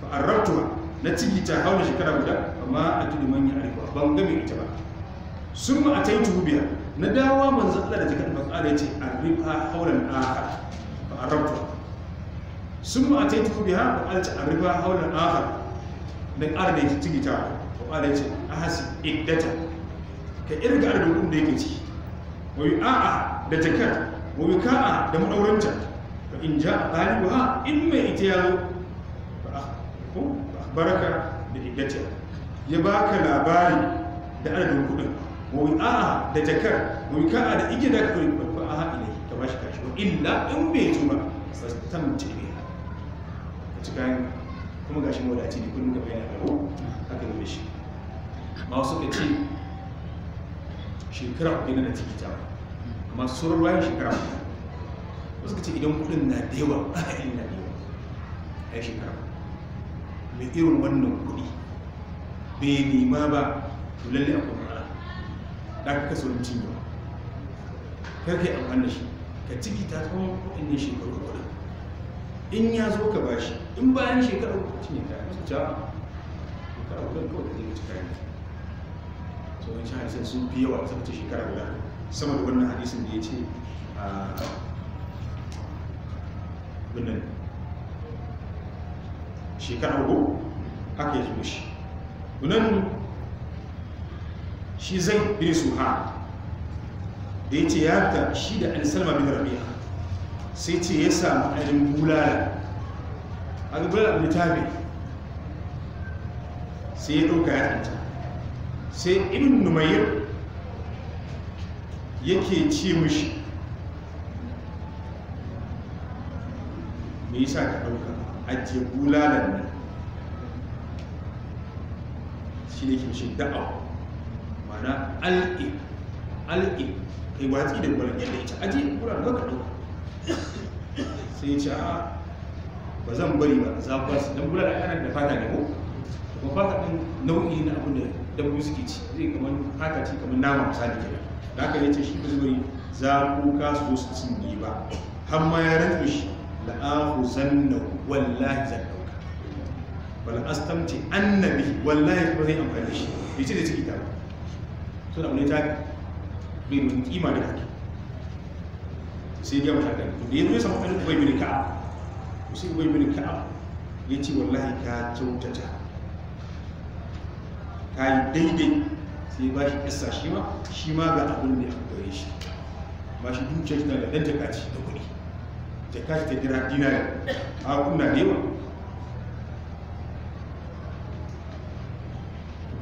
fa arrabtuha na ciki ta hawlan shekara guda amma a tudu man ya arifa ban ga mai ita ba sun ma ataitu biya na dawa manzo Allah da jakan fa qala yace arribha hawlan akhar fa arrabtuha sun ma ataitu biya fa qala ce arribha hawlan akhar dan arda ciki ta ƙwale ce a hasi iddata eh, ka irga adadin da yake ciki wai a'a da jakar wa yi ka'a da maɗauranta ba in ja ɗalibu ha in mai ita ya zo baraka da iddata ya baka labari da adadin kuɗin wai a'a da jakar wa yi ka'a da igida ka ɗori ba a haɗi ne ka ba shi kashi wa illa in bai zo ba fastamci ne a cikin kuma gashi mawadaci ne kudin ka bayyana da haka ne shi amma suka ce shekara uku na ciki ta amma sauran bayan shekara ba wasu ce idan kudin na da yawa ɗaya na da yawa a yi shekara mai irin wannan kudi bai nema ba to lalle akwai mara da ka kaso mutum yawa kar ka yi amfani da shi ka ciki ta tsawon kudin ne shekaru kudin in ya zo ka ba shi in bayan shekaru kudin ne ta yi masu jawa shekaru kudin kawai da zai ci kayan yawancin hadisan sun fi yawa kusa ta shekara guda sama da wannan hadisin da ya ce a wannan shekara hudu haka ya zo shi wannan shi zai bin suha da ya ce ya ta shi da an salma bin rabi'a sai ce ya samu ainihin bulala a ga bulala littafi sai ya ɗauka ya tsanta sai ibn numayir yake ce mishi me yasa ka ɗauka ajiye bulalan ne shi ne ke shi da'awa mana al'i al'i kai watsi da gwanin yadda ita ajiye bulalan ka ɗauka sai ya ce a ba zan bari ba za ku wasu don bulalan yanar da fata ne ko mubaha din nau'i na abin da dabbobi suke ci zai kamar haka ci kamar nama misali ke da haka yace shi bizuri za ku ka so su cinye ba har ma ya rantsu shi la akhuzanna wallahi zan dauka wal astamti annabi wallahi ba zai amfani da shi Ya ce da ciki ta ba so da mun ta bi mun kima da kake sai ya mutaka da yanzu ya samu ɗan ubai bin ka'a sai ubai bin ka'a ya ce wallahi ka kyautata ta yi daidai sai ba shi ƙasa shi ma shi ma ga abin da ya gare shi ba shi dukiyar shi na da ɗan jakaci da kuɗi jakaci ta kira dinari a kunna da yawa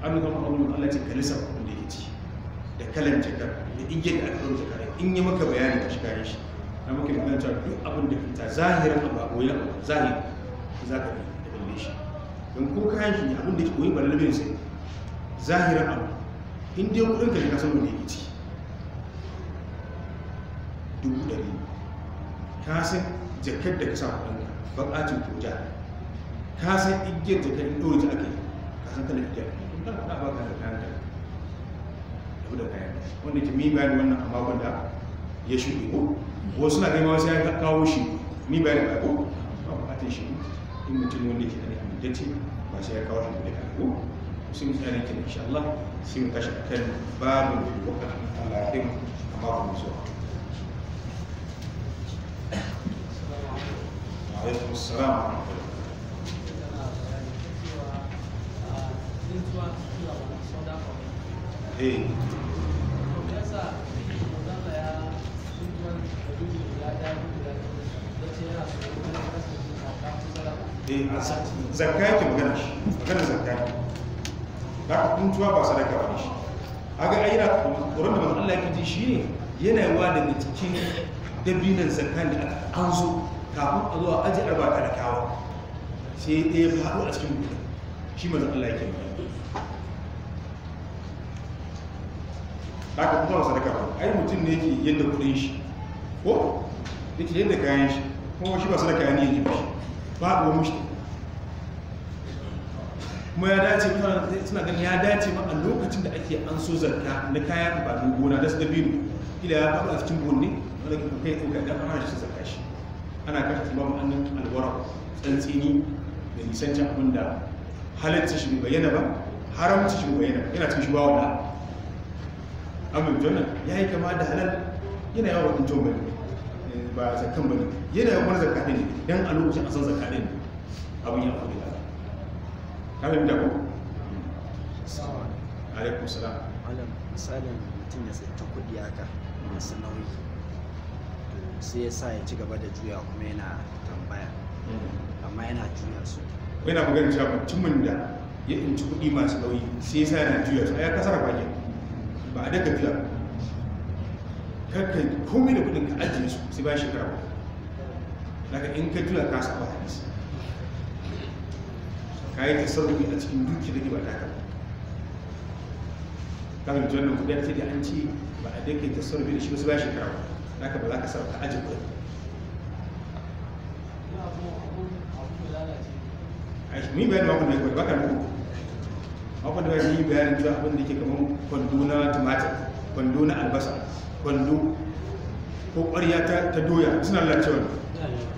an gama abin da Allah ce kalisa kuɗin da ya ci da kalan jakar da igiyar da aka ɗaura jakar in yi maka bayani ka shiga shi na maka da kanta duk abin da fita zahirin abu a goyi abu zahiri za ka bi da kalle shi don ko kayan shi ne abin da ke koyi ba lalabe sai zahirar abu indiya dai kudin ka ne kasan wanda yake ciki dubu ɗari ka jakar da kasa kudin ka bakacin koja ka igiyar jakar in ɗora ta aka yi ka san igiyar ka faɗa da kayan da abu da kayan kai wanda ke mi da wannan amma wanda da ya shuɗe ko wasu na gaima wasu ya kawo shi mi bayani da ko ba buƙatar shi in mutum wanda ke da ne amintacce ba sai ya kawo shi da kayan ko وسيم سألك إن شاء الله سيم تشكل باب في الوقت على رحم أمر النزوع عليكم السلام ورحمة الله Eh. zakka زكاتي magana shi magana zakka da ka tuntuwa ba sadaka ba shi aga ayyana tsoron da manzo Allah ya ji shi ne yana yawa daga cikin dabinan zakan da aka anzo kafin a zuwa aji arba talakawa sai ɗaya faɗo a cikin buɗe shi manzo Allah yake yi da ka tuntuwa ba sadaka ba mutum ne ke yadda kuɗin shi ko yake yadda kayan shi kuma shi ba da sadaka ne yake ba shi ba a ruwan mushi kuma ya dace suna ganin ya dace ma a lokacin da ake an so zarta na kayan amfanin gona da su da biyu ila ya faɗo a cikin gonne wanda ke kai ɗauka ga an shi zarta shi ana kashe imamu annan alwara tsantsini da nisancin abin da halitta shi bayyana ba haramta shi bayyana ba yana cikin shi bawa da amin jona ya yi kama da halal yana yawon ɗin jomar eh, ba zakan ba ne yana yawon zakka ne dan a lokacin a san zakka ne abin ya faɗi kalin da ku alaikum salam alam misalin mutum ya ta kudi haka hmm. masu nauyi to sai ya sa ya ci gaba da juya kuma yana tambaya hmm. amma yana juya su yana magana cewa mutumin da ya inci kudi masu nauyi sai ya sa yana juya su a ya kasar kwanye ba a daga fiya kakka komai da kuɗin ka ajiye su sai bayan shekara ba daga in ka jula ka saba hadisi ka yi tasarrufi a cikin duki da ba taka ba kan jannan kudi da take an ce ba a dake tasarrufi da shi wasu bayan shekara ba haka ba za ka sa ka aji kudi a shi ni bayan makon da ya ka nuku makon da ya yi bayan cewa abin da ke kamar kwando na tumatir kwando na albasa kwando ko kwariya ta doya suna lalacewa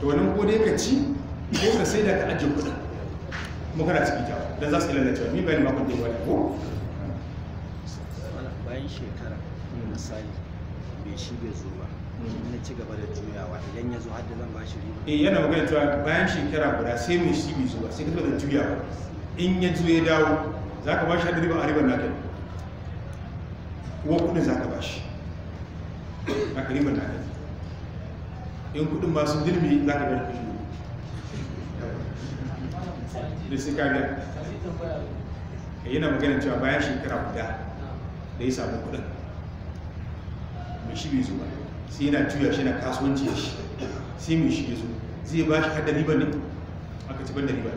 to wani ko dai ka ci ko ka sai da ka ajiye kuɗin kuma na ciki ta don za su lalace ni bayan makon da wani ko bayan shekara hmm. misali bai shi bai zo ba hmm. na ci gaba da juyawa idan ya zo har da zan ba shi riba eh yana magana cewa bayan shekara guda sai mai shi bai zo ba sai ka da juyawa in ya zo ya dawo za ka ba shi hadari ba a ribar naka kuma kudin za ka ba shi a ribar naka in kudin masu dirbi za ka ba shi da sai ka biya ka yana maganin cewa bayan shekara guda da ya samu kudin mai shi bai zo ba sai yana juya shi na kasuwanci shi sai mai shi ya zo zai ba shi hada riba ne aka ci banda riba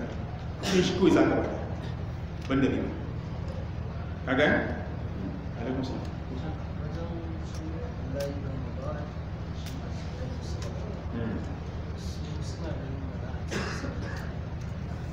sai shi kawai za ka bada banda riba ka gani? alaikum salam Mm-hmm.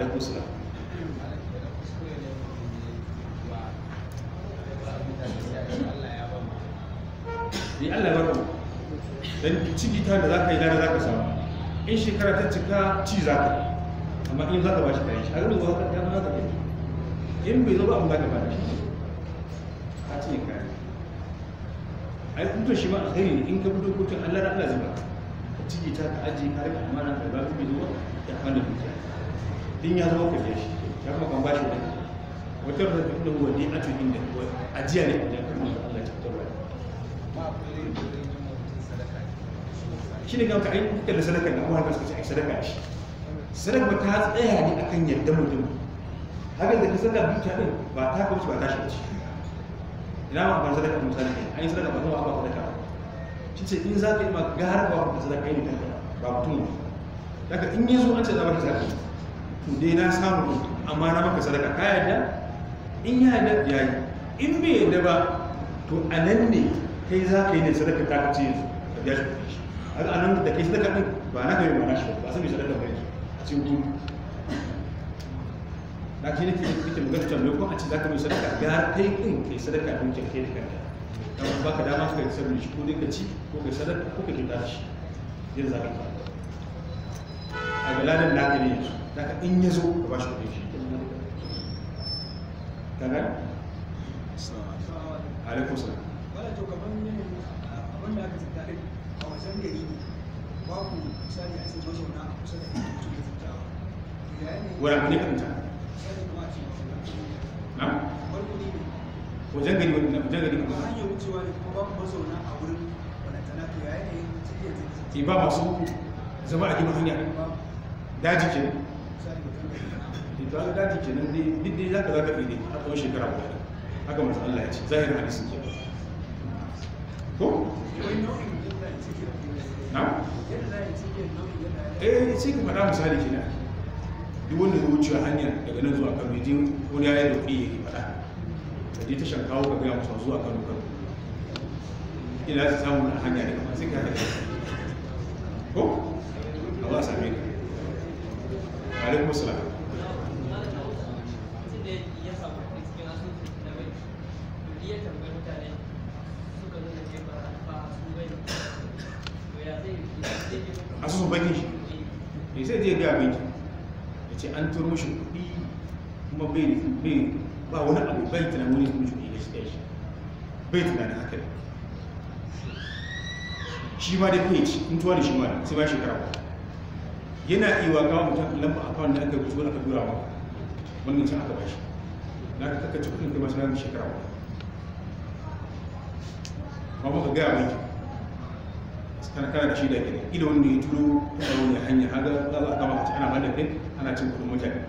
alaikum salam ni Allah ba ku dan ciki ta da zaka yi da zaka samu in shekara ta cika ci zaka amma in zaka ba shi kai shi a gurin zaka ta ma zaka in bai zo ba an ka ba shi a cikin kai ai mutum shi ma a kai in ka fito kotun Allah da Allah zuba. baka ciki ta ka ajiye ka rika amana ka ba bai zo ba ya kana dukiya din ya zama ka shi ya kuma kan bashi nan wata da duk da wani a cikin da ajiya ne da kuma Allah ta tabbata shi ne kanka ai kuka da sadaka da kuma suka ce sadaka shi sadaka ta tsaya ne akan yadda mutum haka da ka bi ta din ba ta kauce ba ta shi ina ma ban sadaka misali ne ai sadaka ba zuwa ba sadaka shi ce in za ka yi ma gara ba ka sadaka ne ba mutum daga in yi zo an ce zama ta sadaka to dai na samu amma na maka sadaka ka yadda in ya yadda ya yi in bai yadda ba to a nan ne kai za ka yi ne sadaka ta ce ka biya shi kuɗi a ga nan da kai sadaka ɗin ba na kai ba na shi ba ba san mai sadaka ba yanzu a cikin gudu na ke ne kake magana cewa mai kuma a ce za ka mai sadaka ga kai ɗin kai sadaka ɗin kyanke da kanta ta ba ka dama ka yi sabbin shi ko dai ka ci ko ka sadaka ko ka ke tashi yanzu za ka yi a ga ladan na ka ne yanzu da ka in ya zo ka ba shi shi kaga alaikum salam wala to kaman ne abin da aka a wajen gari ne ba misali a cikin mazauna a kusa da mutum na wajen gari wajen gari kuma wucewa ne kuma eh, ba mazauna zama a gina hanya daji ke to an daji kenan dai duk dai zaka zaka bi ne a tsawon shekara guda haka manzo Allah ya ce zahirin hadisin ke ko na eh sai ka faɗa misali kenan duk wanda ya wuce hanyar daga nan zuwa Kano je wani ya yi roƙi ya faɗa ka je tashan kawo ka gaya musu zuwa Kano Kano ina samun hanya daga masu kyanar ko a ba same ka alaikum salam asusun bankin shi ne eh, sai gaya ya ce an kuma bai ba wani abu bai tunanin wani shi ne shi shi bai tunanin haka shi da in tuwa da shi ma sai ba shekara ba yana iwa kawo mutum lamba kawon da aka rubuta aka dura maka wannan can aka bashi na ka kaka kudin kai masu ranar shekara ba ba ka gaya mai kana kana da shi da gida ido wanda ya turo ta wani ne hanya haga za a kama a ci ana bada kai ana cin kudin mutane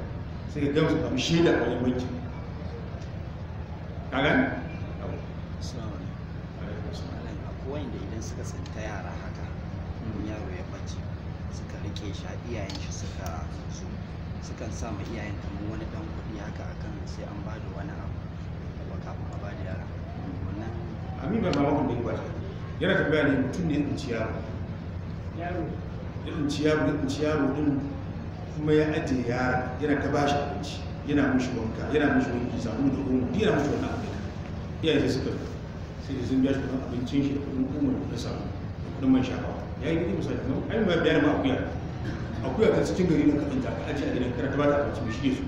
sai ka gamsu abu shaida a wani banki ka gani? akwai wanda idan suka santa yara haka hmm. yaro ya rike shi a iyayen shi suka su sukan sa ma iyayen kamar wani dan kuɗi haka akan sai an ba da wani abu kuma kafin a ba da yara wannan abin bai ma wannan ba yana tambaya ne mutum ne in ci yaro yaro irin ci yaro in ci yaro din kuma ya aje yara yana ta bashi abinci yana mishi wanka yana mishi wanki samu da kuma yana mishi wani abin iyayen sai suka sai da sun biya shi kuma abincin shi da kuma kuma da samu kuma man shafawa ya yi gidi misali amma ai ma biyar ma akuya akuya ta cikin gari na kafin ta ka aje a gidan karatu ba ta abinci mai shige su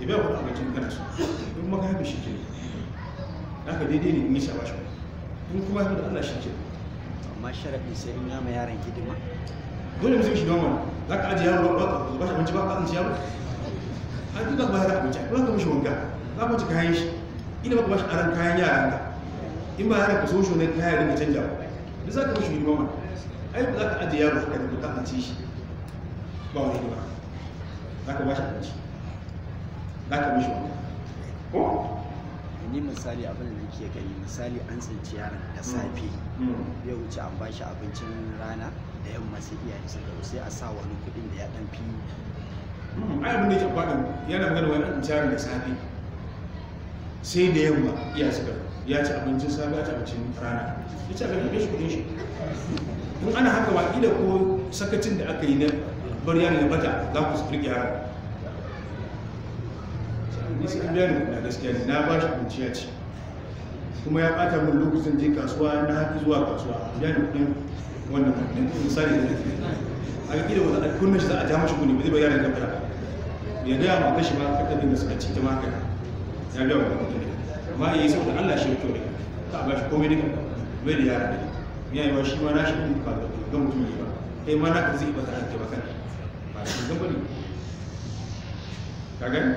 ya biya kuɗin abincin kana su in maka haifi shi ke haka daidai ne in yi shaba shi in kuma haifi da Allah shi ke amma sharaɗi sai in yama yaran hidima dole mutum shi normal za ka aje yaro ba ka ba shi abinci ba ka tsinci yaro a duk da ba ya da abinci ba ka mishi wanka za ka ci kayan shi ina ba ka ba shi aran kayan yaran ka in ba yaran ka so shi ne kayan da canja ba duk za ka mishi hidima mana ai ba za ka ajiye yaro haka da a ci shi ba wani hidima za ka ba shi abinci za ka mishi wani ko ni misali abin da nake gani misali an tsinci yaron da mm. safe mm. ya wuce an ba shi abincin rana da yamma sai iyaye suka sai a sa wani kuɗin da ya ɗan fi mm. ai abin da ke faɗin yana magana wani abincin yaron da safe sai da yamma iya suka ya ci abincin safe ya ci abincin rana ya ci abincin shi kudin shi in ana haka wa ila ko sakacin da aka yi na bar yana na bata za ku su firgi yara ni sai an biya ni kuɗa gaskiya ne na ba shi abinci ya ci kuma ya ɓata min lokacin je kasuwa na haka zuwa kasuwa biya ni kudin wannan kuɗin misali da a ga ƙila wanda a shi za a ja mashi kuɗi ba zai bayyana da kamfara ya gaya ma kashi ma kakabin da suka ci ta magana ya biya wa mutum ne amma yayi saboda Allah shi mutum ne ka ba shi komai duka da yara ne ya yi shi ma shi ba ga mutum ne ba kai ma na ka zai ba ta ba ba shi ga bane ka gani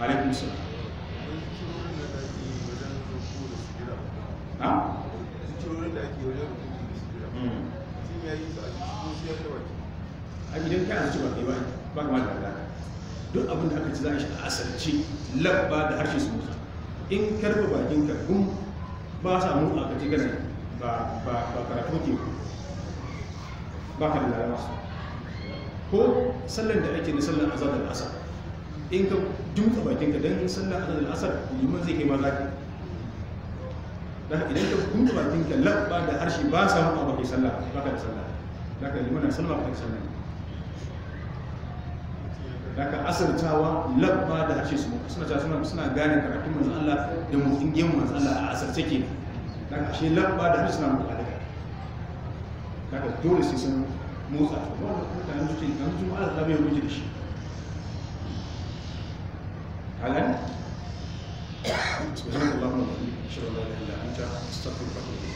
alaikum salam ha? Hmm. a gidan kai a ba, ba kamar da don abin da aka ci zai a shi a asirce labba da harshe su musa in karba bakin ka gum ba sa mu a kaji gane ba ba karatu ke ba ka da lalama ko sallan da ake na sallan azar da asar in ka duka bakin ka don sallan azar da asar liman zai kai ma zaki da idan ka duka bakin ka labba da harshe ba sa mu a bakin sallah ba ka da sallah da ka liman na sallah ba ka da sallah da ka labba da harshe su suna suna gane karatun manzon Allah da mu gemun manzon Allah a asirce ke da ka labba da harshe suna mu da ka dole sai sun motsa to ba kan zuci kan zuci Allah da bai wuce da shi Allah,